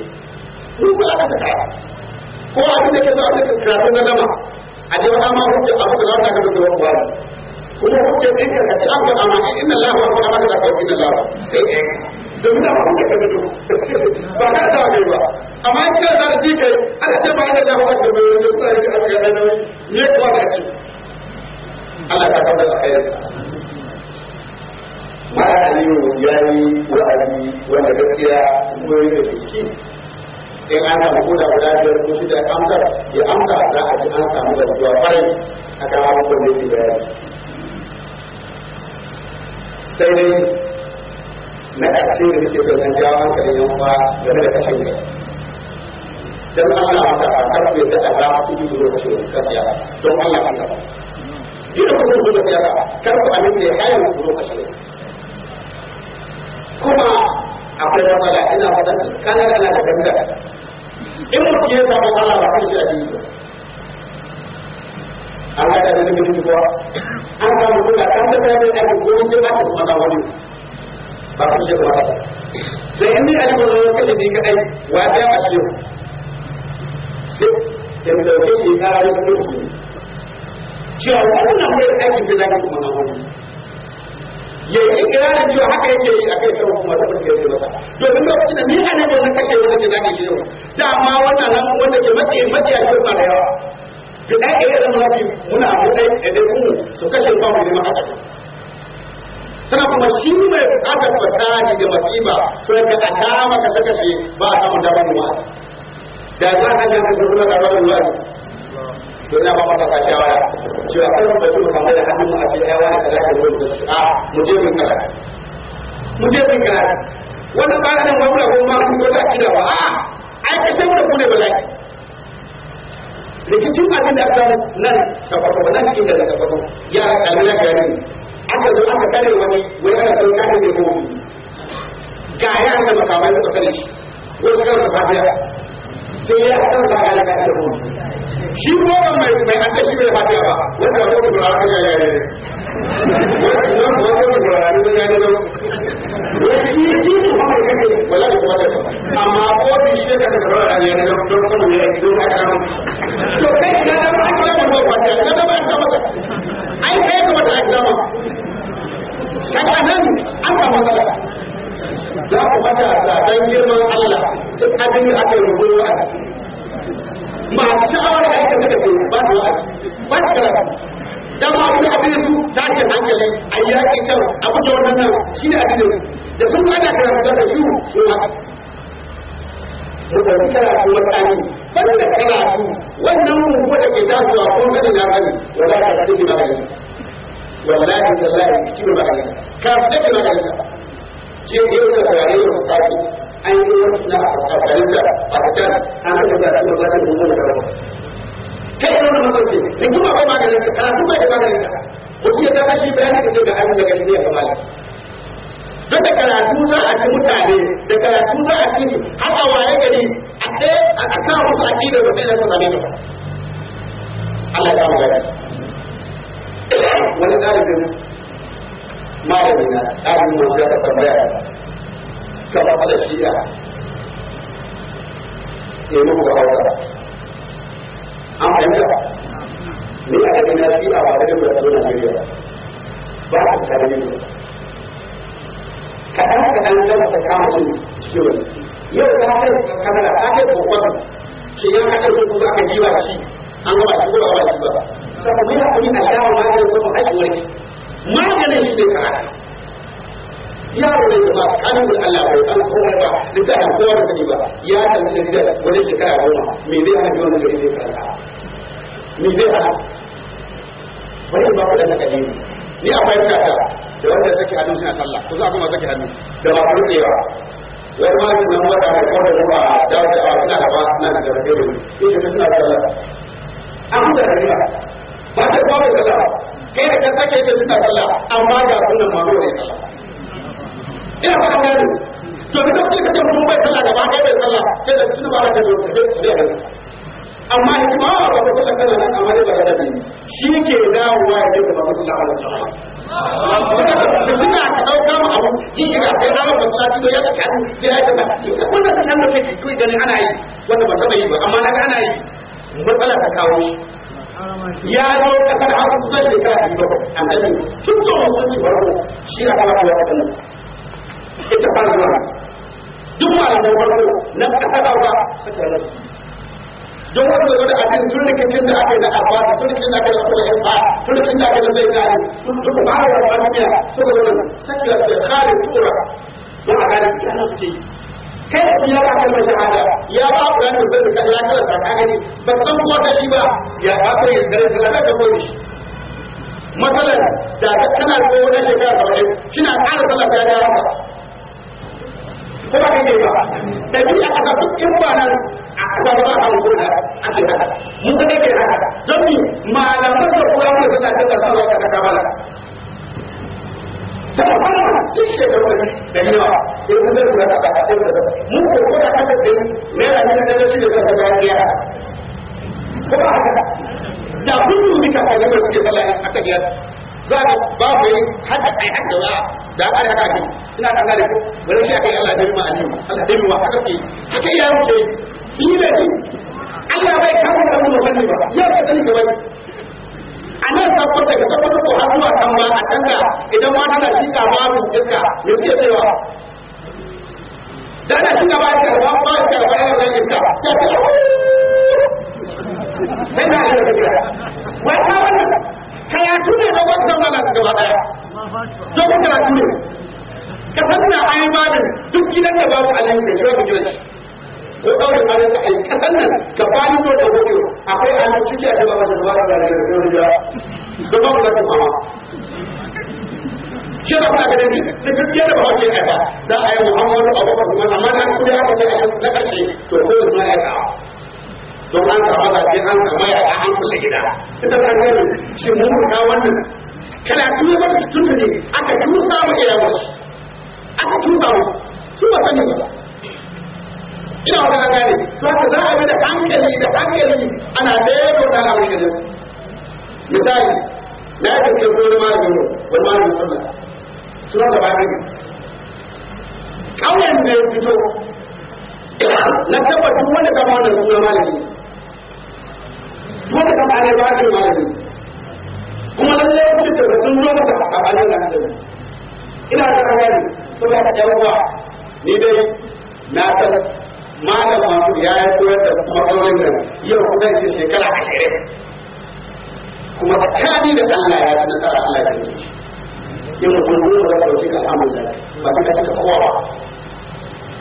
mun kula ka ta ko a cikin ke zuwa cikin karatu na dama a jiwa wata kuke abu da za da wani wani kuma kuke ɗin ka ci an faɗa ma inna lafa ko maka da kawai inna domin da ka ba ka kai ba amma in kira da ji kai ana ce ba da da mai wani ne da shi Allah ka da mana da yau ya yi wa'azi wanda gaskiya goyi da ciki in an samu kuna guda biyar ko shida amsar ya amsa za a ji an samu gaskiya kwarai a kan abubuwan da yake bayani sai dai na ƙarshe da nake son jawo hankalin yan uwa game da kashin kai dan Allah maka a karfe da Allah ku yi zuwa kashin kai don Allah maka duk da kuma zuwa kashin kai kar ku amince ya ku zuwa kashin kai kuma akwai matsala ina faɗan kanar ana da ganga in mutum ya samu Allah ba kan shi a jini an ga da nake miki kuwa an ga mutum kan da kai ne ake ko sai ba kuma da wani ba kan shi ba da in a alimin da kake ji kadai wa ta a ciyo sai da mu dauke shi ka rayu ko shi shi a mai aiki sai da kuma da wani ya yi ikirarin cewa haka yake yi a kai ta hukumar da suke yi masa domin lokacin da ni a nan na kashe wani ke zaki shi dama wannan nan wanda ke maƙi maƙi a cikin da yawa bi ɗan ɗaya da mafi muna mu da su kashe ba mu neman haka sana kuma shi mai buƙatar fasari da masiba sai ka a dama kashe kashe ba a samun damar ruwa da za a kashe kashe kuma da ruwa to ina ba mata ka shawara cewa kar mu dauki kamar da hannun a ce ai wani kaza ke ruwan a mu mun kaza mu mun kaza wannan ba nan wani ko ma ko da kida ba a ai ka sai mu ku ne bala'i rikicin abin da aka nan sabaka wannan kida da sabaka ya kalmina gari aka zo aka kare wani wai ana kai kare ne gobe ga ya an da makamai suka kare shi wai suka rufe fadiya sai ya kan ba ga da kare gobe shi goma mai mai an dashi mai fatiya ba wanda wata da kula aka yaya ne wanda wata da kula aka yaya ne wanda shi shi su haka kake wala da kuma da amma ko bi shi da kake kula aka yaya ne don kuma ne don ta nan to kai ina da ba kula da kuma fatiya ina da ba ka maka ai kai ka wata aka nan kaga nan an ka maka za ku mata da dan girman Allah sai abin da aka rubuta a cikin Allah ban karatu dan ma abin abin su hankali a yaƙi can abu da wannan nan shi ne abin da sun ana da rabuwa da su su ma mutane karatu wani ɗani da karatu wannan rubuwa da ke tasowa ko gani na gani wala ka tafi magani wallahi wallahi ki ba magani ka tafi magani je yau da bare da tsaki an yi wani a kafarin da a kan an ka sa su ba ta rubuwa da kai da wannan mutunci da kuma akwai maganin ka kana duk da maganin ka ko jiya ta kashi bayani ka ce ga abin da kashi ne ka mala don da karatu za a ci mutane da karatu za a ci ni waye gari a ɗaya a sa musu aƙidar da sai da su zame ka Allah ya kama gari wani na malamina ɗalibin wanda ya tambaya ka ba da shi'a ya yi muku hausa an fahimta ni a daga na fi a wadar da tsaro na gari ba a tsakanin da kaɗan kaɗan da ba ta kama cin ciwon yau ta kai kamar ta kai kokon shi yan haɗar da ko aka jiwa shi an gaba shi kuma ba shi ba saboda mun yi a shawar maganin kuma aikin wani maganin shi ne karatu yaro ne ma kalmar Allah bai san komai ba littafin kowa da kaji ba ya san da da wani shekara goma me zai hana wannan gari zai karanta me zai hana bari ba ku da na kadiri ni a fahimta ta da wanda sake hannu suna sallah ku za kuma sake hannu da ba ku rubewa wani ma sun zama da harkar da kuma da wata awa suna da ba suna da garfe da wani ita da suna sallah an da rariya ba ta kwabar sallah kai da ka sake ita suna sallah amma ga sunan mamu ne sallah ina fara gane to da kuma kika ce mun bai sallah gaba ɗaya bai sallah sai da tuna ba da lokaci amma hikima a wata kala kana nan amma dai baka dabi shi ke dawowa ya daga babu Allah Allah suna ka dauka mu abu kin ga sai da mu sati da ya ka sai ya ka wannan kan nan kake kai ganin ana yi wanda ba ta yi ba amma na ana yi matsala ta kawo ya zo kasar haka zai da yi ba an dani kin zo mu ci baro shi ya fara da wannan ita fara zuwa duk malamai farko na kasa gaba suka yi don wanda zo da abin tun rikicin da aka yi na abba tun rikicin da aka yi na kuma yan ba tun rikicin da aka yi na zai gari sun duk fara wa duniya suka zo da suka kare tura don a gane ita nan suke kai da ya ba kalmar shahada ya ba ku ranar zai rika ya kala ta kagani ba san kuwa da shi ba ya ba ku yin dare da lafiya ko shi matsalar da kana da wani shekara 70 shi na ƙara sallah ta ya ko ba kai ba da bi a kasa duk in ba nan a ka ba a ko da ake haka mu ka ke haka don mi malaman da kuma mu da ta da Allah ka ka bala da kuma duk da da wani da yawa in kuma da ka ka da mu ko ko da ka da ne da ne da shi da ka ga ya ko ba haka da kullu bi ka ka da ke bala a ka ya za ka ba ku yi hada ai hada da da Allah ya kafi ina dan gane ku bare shi akai Allah dai ma aliyu Allah dai ma haka ke haka ya muke shi ne Allah bai kawo da mu ba ya ka sani gaba a nan sabon da ka sabon ko har zuwa kan ba a canza idan ma tana shika babu iska me suke cewa da na shika ba iska ba ba iska ba ya iska sai ta wai ta wannan karatu ne na wanda malam gaba daya dogon karatu ne ka sanna ayi babin duk gidan da babu alayi da jira gidan shi ko kawai ma da ai kasan nan ka bani ko da gobe akwai alayi ciki a gaba wajen wani da da da da babu da kuma shi da kuma ganin da gaskiya da ba ce ai ba da ai Muhammadu Abubakar Usman amma nan kuma aka ce na karshe to ko ma ya don an kama da sai an kama ya an kulle gida ita ta gani shi mun ka wannan karatu ne ba tun da ne aka tusa mu ira mu aka tusa mu su ba sani ba ina wata gane to haka za a bi da hankali da hankali ana daidai da al'amari da misali na yi gaske ko wani malamin mu wani malamin sallah suna da bakin kauyen da ya fito na tabbatar wanda ka bani suna malami wanda ka bani ba shi malami kuma lallai kuma tabbatun lokacin a bayan lantarki ina da gani saboda ka yawa ni dai na san malam masu ya yi koyar da matsalolin nan yau kusan ce shekara ashirin kuma tsakani da Allah ya ci nasara Allah ya yi yau mutum ne ba za ka ɗauki ka samun da ba sai ka cika kowa ba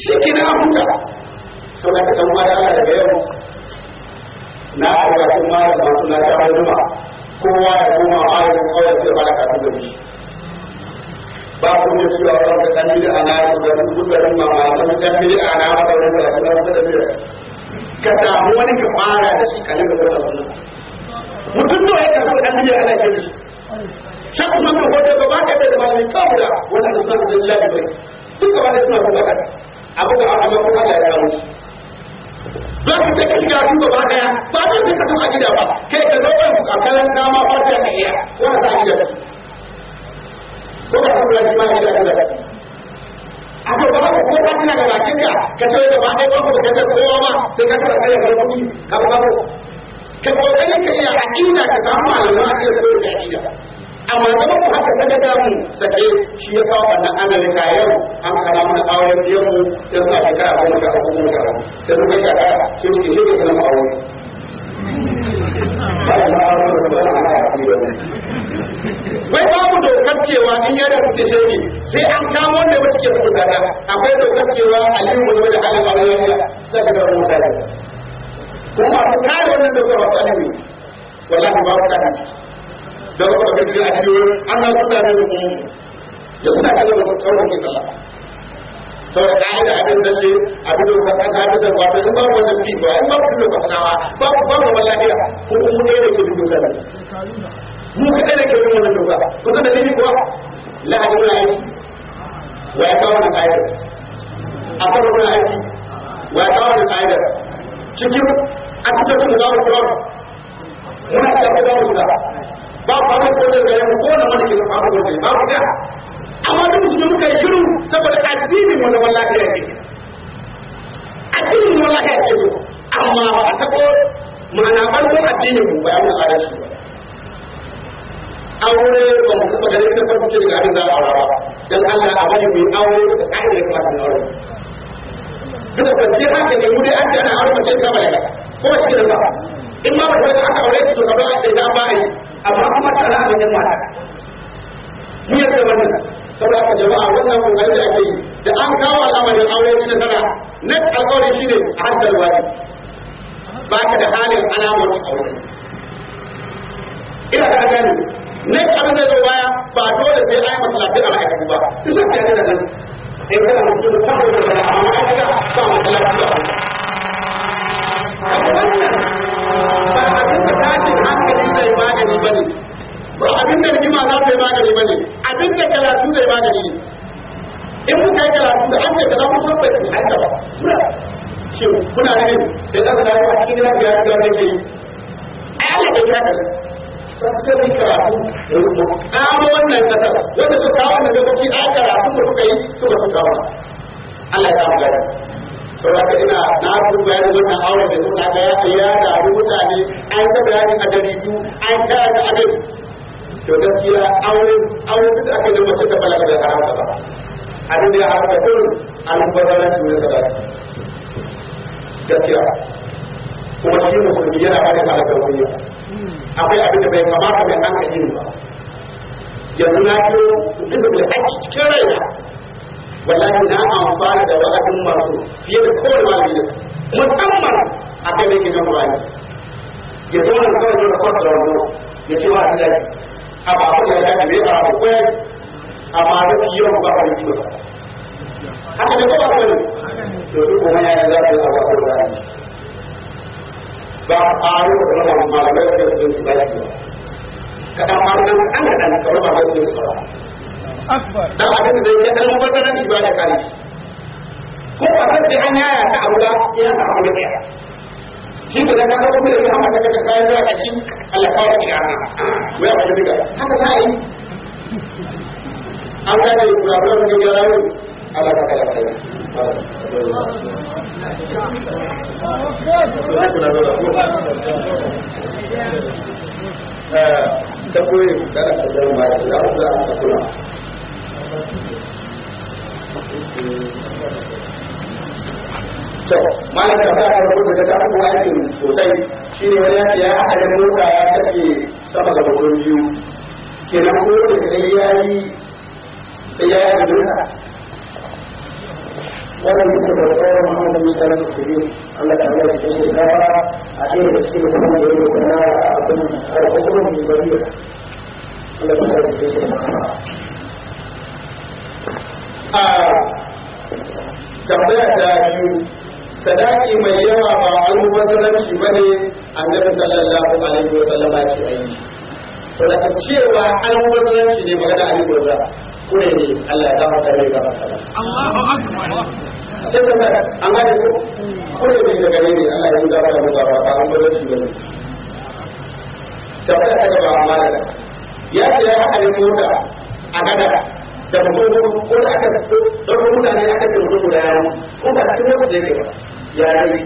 shi ke na huta to na ka kama da Allah daga yau na aika kuma da masu na ta hannuma kowa ya koma ayyukan kawai sai ba da kafin da shi ba ku ne cewa ba ka kan bida ana ku da su da ran ma ma kan kan bida ana ba da ran da kuma da bida ka samu wani ka fara da shi kan da wannan mutum da yake kan kan bida ana shi shi kuma ko da ba ka da malai kawai wannan sunan lillahi bai duka ba da suna kuma kada abu da abu ko Allah ya kawo za ku take shiga su gaba daya ba ta da ka tuka gida ba kai ka zama ku kakalan dama ba ta ka iya ko ta gida ba ko ka tabbata ki ma gida gida ba abu ba ko ko ka tana da bakin ka ka ce da ba dai ba ko ka ta kowa ma sai ka fara kai ka kuɗi ka ba ka kokarin ka iya aqida ka samu da amma kuma mu haka ta daga mu sake shi ya kawo wannan amurka yau an kana mana auren biyan mu ya sa shekara goma sha uku goma sha uku sai muka shekara sai muke shi ne kuma aure wai babu dokar cewa in yana fita shi sai an kamo wanda wata ke fita da akwai dokar cewa aliyu mu da halin aure yana zaka da wani mutane kuma a kare wannan dokar ba aliyu wallahi ba wata da ba ka ji a cikin Allah ya sa ne mu ya sa ka da kuma. tsawon ki sallah to da kai da abin da abin da ka kasa da ba da ba ba bi ba ba ku da kanawa ba ba ba wallahi ko kuma ne da ke duka da mu ka da ke duka da duka ko da ne ko la ilaha illa wa ya kawo da kaida a kuma da aiki wa ya kawo da kaida cikin a cikin da kuma ku muna da ku kuma ba ku abin ko da gare mu ko na wani ke ba ku da ba ku da amma duk su muka yi shiru saboda addinin wani wallahi ya ke addinin wallahi ya ke amma ba a tabo ma'ana farko addinin mu ba ya mu tsare shi ba aure ba mu kuma gare ta farko ce ga abin da aure ba dan Allah a bari mu yi aure da kaida ya kamata aure duka kwanciyar hankali mu dai an tana aure mace ta balaga ko cikin ba in ma mace aka aure ta to gaba da ita ba yi amma kuma ta na abin mata mu yadda wannan saboda haka jama'a wannan kokari da ake yi da an kawo al'amarin aure ta nasara na alƙawari shine a haddar wani ba ka da halin alamar aure ina da gani ne abin da zo baya ba dole sai ai masallaci a ma'aikatu ba duk da kana da nan in kana mutum da kawai da amma aka ba masallaci ba ba abin da tashin hankali zai magani ba ne ba abin da rigima za ta yi magani ba ne abin da karatu zai magani in yi karatu da an bai shi kuna ne sai da ku dawo a cikin lafiya da wani ke yi ai Allah ya karatu da rubu wannan kasa wanda su kawo a karatu da kuka yi suka su kawo Allah ya kawo gari saboda ina na abu bayan wannan aure da suka ga ya daru mutane an ta bayani a jaridu an ta ga abin to gaskiya aure aure duk aka yi mace ta balaga da haramta ba abin da ya haramta kun albazaran su ne sadaka gaskiya kuma shi musulmi yana fadin halakar wani akwai abin da bai kamata mai an ka yi ba yanzu na kiro bisa da haƙƙi cikin raina wallahi na amfana da wa'adin masu fiye da kowane malami na musamman a kan da yake kan wani ya zauna da kawai da kwasa da wando ya ce wa a gida a ba ku da ya dace a ba kwaya amma da fiye ba a yi ba haka da kowa kwani to su kuma ya yi zafi a wasu da zai ba a ƙaru da kuma malamai da su zai ba shi ba kaɗan ɓarunan an kaɗan da wasu da su ba akbar dan abin da yake dan mubazzaranci ba da kare ko a kan sai an yaya ta aula yana da aula ɗaya shi ba da kaga kuma yana amma daga kayan da aka cin alƙawarin gida na wai a wajen gida haka za yi an gane kurakuran da ya rayu ala ka kala kai ta koyi kana ta zama ba da za a kula to malam da ta fara rubuta ta abubuwa aikin sosai shi ne wani yaki ya haɗa da mota ya kashe sama da bakon biyu kenan ko da sai ya yi sai ya yi mota wannan bisa da tsoron muhammadu musallam kuri allah ta hanyar cikin shekara a ɗaya da cikin musamman da ya yi kuma a abin karfafa mai bariya allah ta hanyar cikin shekara a tambaya ta biyu sadaki mai yawa ba almubazzaranci ba ne annabi sallallahu alaihi wa sallama ke aiki to da cewa almubazzaranci ne magana almubazza ko ne ne Allah ya dafa kare ga masala Allahu an gane ko ne ne daga ne Allah ya dafa kare ga ba almubazzaranci ba ne tambaya ta gaba amma ya ce ya haɗa mota a gadara da mutum ko da aka don mutane aka ce mutum guda yawo ko ba cikin wasu da yake ba ya yi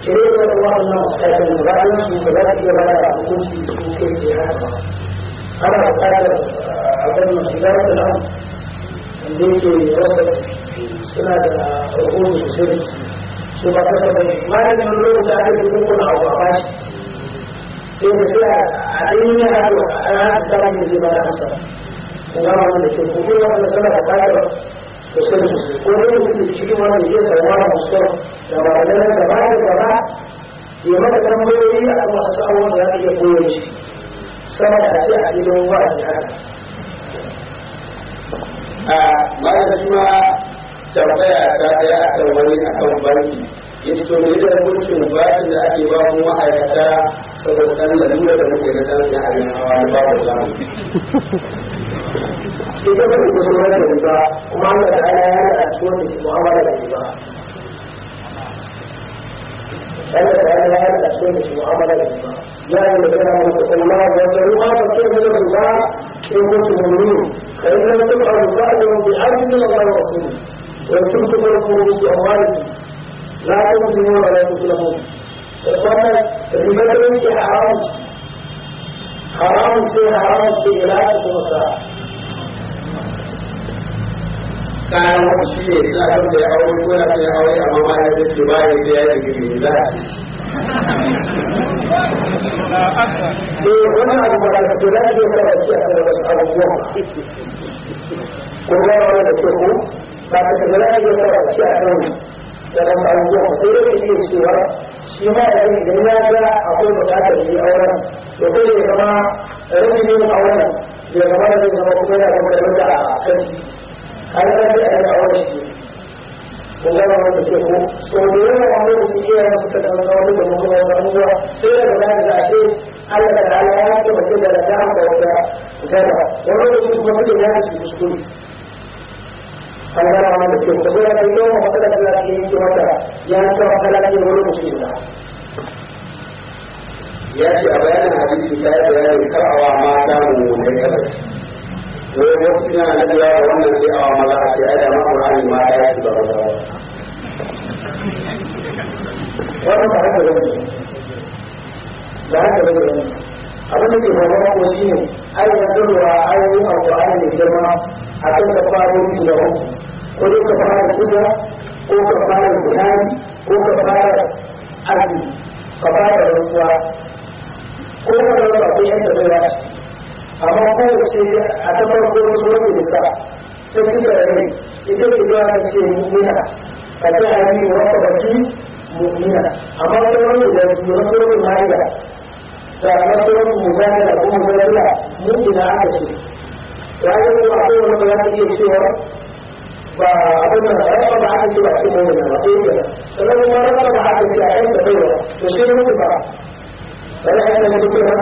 ke yi wani wani na masu kayan da bayan su da za su iya bada a hukunci su ke ke haka ana da kayan abin da shiga wata nan da yake rasa suna da rahoto sosai su ba kasa da malamin lokaci aka yi kuma a bashi sai da sai a ɗanyen yaro a ranar da ba da hasa suna wanda ke kuma wanda suna bukatar da sun ko ne mutum cikin wanda ya sauwa da musulun da ba da nan da ba da gaba ya mata tambayoyi a kan wasu abubuwan da za ka iya koyar shi sama da ce a ilimin wa'azi haka. a bayan da kuma tambaya ta daya a kan wani a kan banki ya ce to ne da mutum bayan da ake ba mu ma'aikata saboda ɗan lalura da muke na tsarin da a yin hawa na babu zamu إذا لم يكن هناك ربا وعلى الآن أكون معاملة ربا أنا الآن أكون معاملة ربا يعني مثلا واتقوا الله واتقوا ما تكون من الله إن كنتم مؤمنين فإن لم تفعلوا فأتوا بعدل من الله ورسوله وإن كنتم تكفروا بأموالكم لا تظلمون ولا تظلمون إخوانا الربا حرام حرام شيء حرام شيء لا تكون kayan wata shi ne za a da ya aure ko ya kai aure amma ma ya ce ba ya da ya daga mai za eh wani abu ba da su da ke sa baki a kan wasu abubuwa ko ba wani da ke ko ba ka ce da ke sa baki a kan da wasu abubuwa sai da ke cewa shi ma ya yi idan ya ga akwai bukatar yi auren to ko da zama rashin yin auren ya zama da zai zama kuma ya zama da wata a kan هذا سأل أول شيء والله ما تشوفه سعوديين وعملوا مسيحية ومسكتة وطوالي بالمقومة والمقومة سيرة بلاد العشرين على العلاقات وكذا لدعم وكذا وعملوا يجب مسجد الناس في الشكول فالله ما تشوفه سورة اليوم وقتل ثلاثين كمتة يعني سورة ثلاثين ولو مسيحة يأتي أبيان حديث كتاب يعني كرعوا ما كانوا من sai wasu na da ya ga wannan sai a mala a ce ada ma Qur'ani ma ya ci ba ba wannan ba haka bane ba haka bane abin da ke faruwa ko shine ai yanzu ruwa ai a Qur'ani ne girma a kan da faru da hukum ko dai ka fara kusa ko ka fara tunani ko ka fara arziki ka fara rantsuwa ko ka rantsuwa ko yanka bai amma kowace a ta farko wasu wani nisa sai kisa da rai ita ke zuwa ta ce mu'mina ka ta hari wata baki mu'mina amma sauran da biyu wasu wani mariya da wasu wani muzani da kuma muzanila mu'mina aka ce ya yi kuma akwai wani da za iya cewa ba abin da ya ba aka ce ba ce mu'mina ba sai da sannan kuma rasa ba aka ce a yan da baiwa to sai mutu ba ba ya yi da mutu ba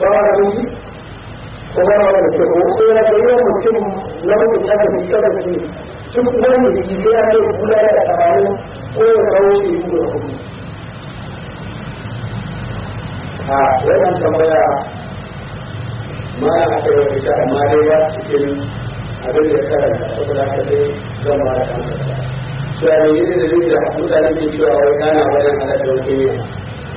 ba wa da mutu zama da ke ko ya ga yau mutum nau'in sakaci sakaci duk wani jiki ya kai kula da tsaro ko ya kawo shi yi da kuɗi. a wannan tambaya mana a kai wani ta amma dai ba cikin abin da ya karanta saboda haka sai zan ba da kansa. Shi a ne yi da da mutane ke cewa wai wajen halatta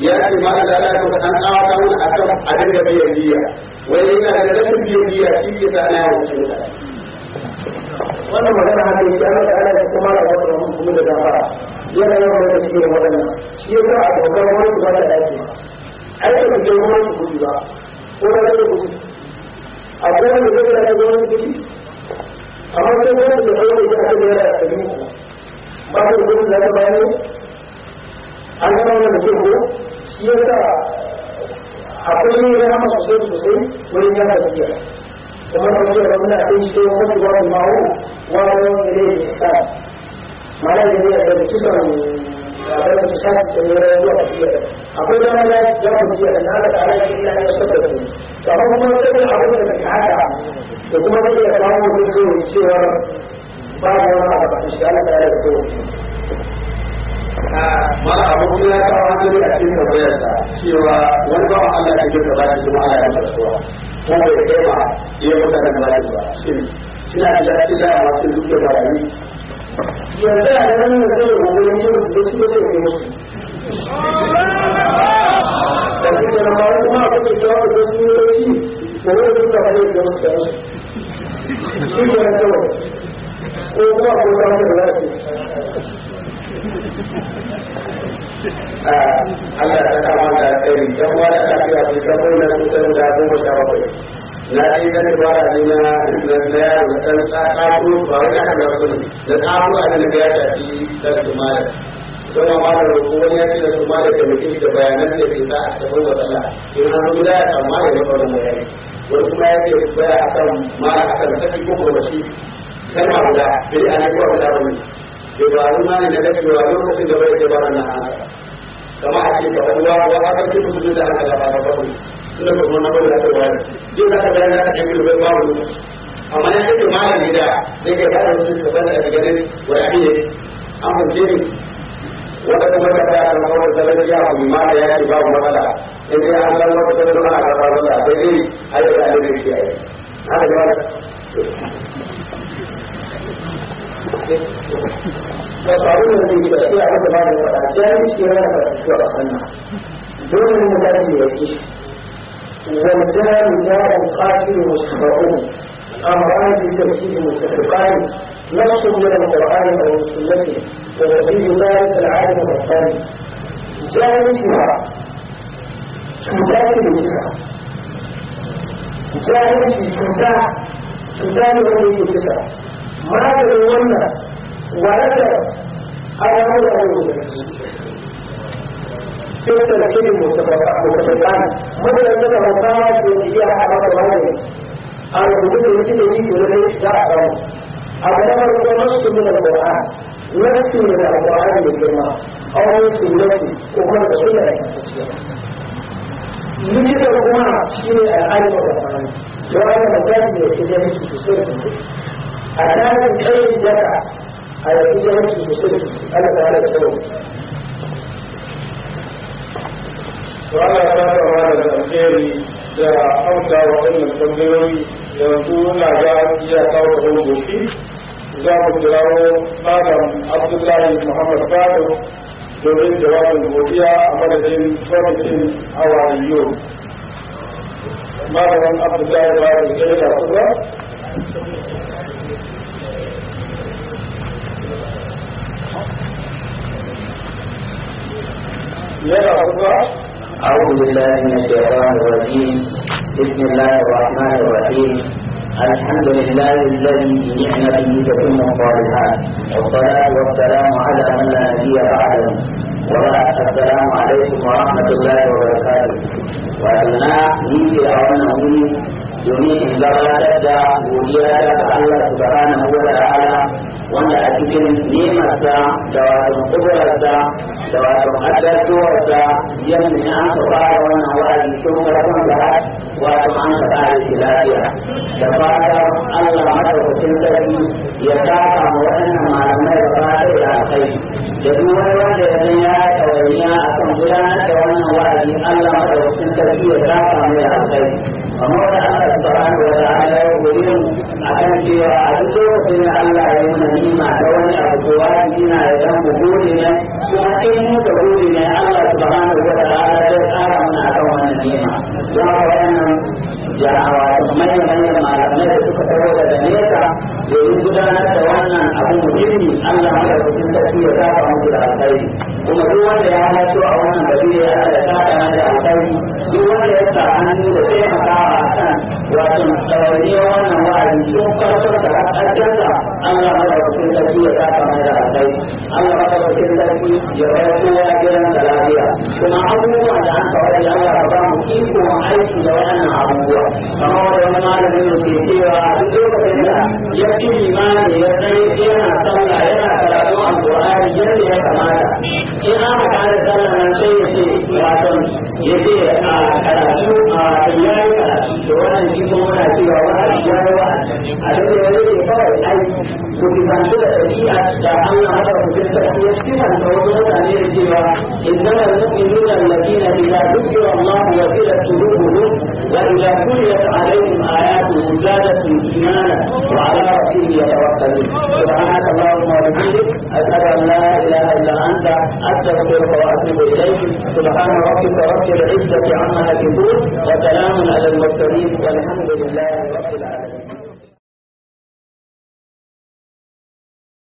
ya ce ma Allah ya ɗauka an tsawata wani a kan abin da biyan biya wani yana da rashin biyan biya shi ke sa na yawon cin wannan magana haka yake ana da ana cikin mara wata ramun kuma da dafara yana yawan da suke da waɗannan shi ya sa a dokar wani ku da ɗaki ai da ku je wani ku ba ko da zai ku akwai wani da zai da wani ku amma sai wani da wani da aka da yara da ba ku da wani da aka bayani an gama wani da shi yasa akwai ne ya hama sosai sosai wurin ya ta tafiya kuma da wajen da muna kai shi wani ba mu mawo wani ne ne ne sa mana da ne da kisan labarin da shafi da ne ya zuwa tafiya akwai da mana ya mu tafiya da na da ala shi ya ya saka da ni to amma kuma da kuma abin da ka hada da kuma da ya kawo ne cewa ba da wani abu da shi Allah ya rasu mana abu kuma ya kawo hankali a cikin tambayarsa cewa wani bawan Allah ya ke gaba shi kuma Allah ya ko bai kai da ba shin suna da shi da ya masu duk da bayani yanzu a ganin da sai da gobe ne da su ke da ke musu da su ke nan kuma akwai da yawa da su ne shi ko da bayan da su da su shi ne da ko kuma da Allah ta kama da tsari yan wani tafiya su ta bai na sun da goma sha bakwai na yi gani ba a ne na na tsaya da ta tsakaro ba wani aka da su da tsaro a nan da ya shafi sarki malam don amma da roƙo wani ya ce da su malam da mutum da bayanan da ke sa a sabon wa sallah in an da ya samu malam ya kawo da bayani wani kuma ya ce baya akan malam akan sarki ko kuma shi kalma guda bai ana yi wa guda wani bai ba imani na dacewa lokacin da bai ce ba wannan hana kama a ce faɗa ruwa ruwa a ƙarfi su zuwa da aka gaba ta faɗi suna ba kuma na bai da ta bayar duk da aka bayar da aka ce bai ba wani amma ya ce malami da zai ga ya rufe ka bada daga ganin wani ne an fahimce ne wata kuma ta ta kan kawar da zai ya kuma ma ya ce babu matsala in dai an san wata kuma ana karɓar wanda sai dai a yi da ne da shi a yi haka da faru da zai ba sai abin da ba da faɗa jami'in shi yana da fito a sannan dole ne da zai yake wal jami'in ya ɗan ƙafiru mustafa'un amran bi tafsiri mustafa'un نص من القرآن أو السنة وفي ذلك العالم الرباني جاهلها تدافع النساء جاهل في تدافع تدافع النساء ماذا الولد ولد على مولى أولوية تلك الكلمة متفقان ماذا أنك وقعت وإياها على الولد أنا بقول لك إذا يجي ولا يستعصم أبدا هو نص من القرآن نفس من القرآن الكريم أو نص نفسي وكان رسول الله يجب أن يكون شيء العالم القرآن وأنا مجازي إذا يجي تسير أكان الخير da على تجارة المسلم أنا تعالى السلام da amsa tambayoyi yanzu na ga iya kawo da goshi za mu kirawo malam abdullahi muhammad domin jawabin godiya a madadin kwamitin awariyo malamin abdullahi fado ya yi da kuma أعوذ بالله من الشيطان الرجيم بسم الله الرحمن الرحيم الحمد لله الذي بنعمته تتم الصالحات والصلاة والسلام على من لا نبي بعده السلام عليكم ورحمة الله وبركاته وأنا نيجي أولا أولي domin in gabatar da godiya da سبحانه وتعالى wa ta'ala wanda الساعة cikin nemarsa da da wato halartowarsa yadda ne an ka fara wannan wa'azi tun farkon da wato an ka fara shi lafiya da fata Allah madaukakin sarki ya saka ma waɗannan malamai da fata da alkai da duk wani wanda ya san ya ɗawainiya a kan gudanar da wannan wa'azi Allah madaukakin sarki ya saka mai alkai amma da Allah subhanahu wa ta'ala ya gode mu akan cewa a duk lokacin da Allah ya nuna nima da wani abu to wajibi na ya dan mu gode ne kuma in muka gode ne Allah subhanahu wa ta'ala ya tsara mana akan wannan nima don haka jarawa da manyan malamai da suka taho daga nesa domin gudanar da wannan abu muhimmi Allah da sarki ya saba musu da alkhairi kuma duk wanda ya halarta a wannan gari ya Allah ya saba da alkhairi duk wanda ya sa hannu da taimakawa a kan wato ɗawainiyar wannan wa'azi sun farko da haƙaƙensa Allah madaukakin sarki ya saka mai da alkai Allah madaukakin sarki ya bar kowa gidan da lafiya kuma abubuwan da an kawai Allah ka ba mu iko aiki da wannan abubuwa kamar wanda wani malamin mu ke cewa duk lokacin da ya fi limani ya tsaye yana sallah yana karatun alƙur'ani yadda ya kamata in aka kare sallah nan sai ya ce matan ah, ah, ya ce a karatu a yayi karatu da wannan shi kuma cewa wani ya yi a duk da kawai aiki وكذلك الشيعة دعونا هذا الفكر يشتبه التوضع عن الجوع إنما المؤمنون الذين إذا ذكر الله وزلت قلوبهم وإذا تليت عليهم آياته زادتهم إيمانا وعلى ربهم يتوكلون سبحانك اللهم وبحمدك أشهد أن لا إله إلا أنت أستغفرك وأتوب إليك سبحان ربك رب العزة عما يصفون وسلام على المرسلين والحمد لله رب العالمين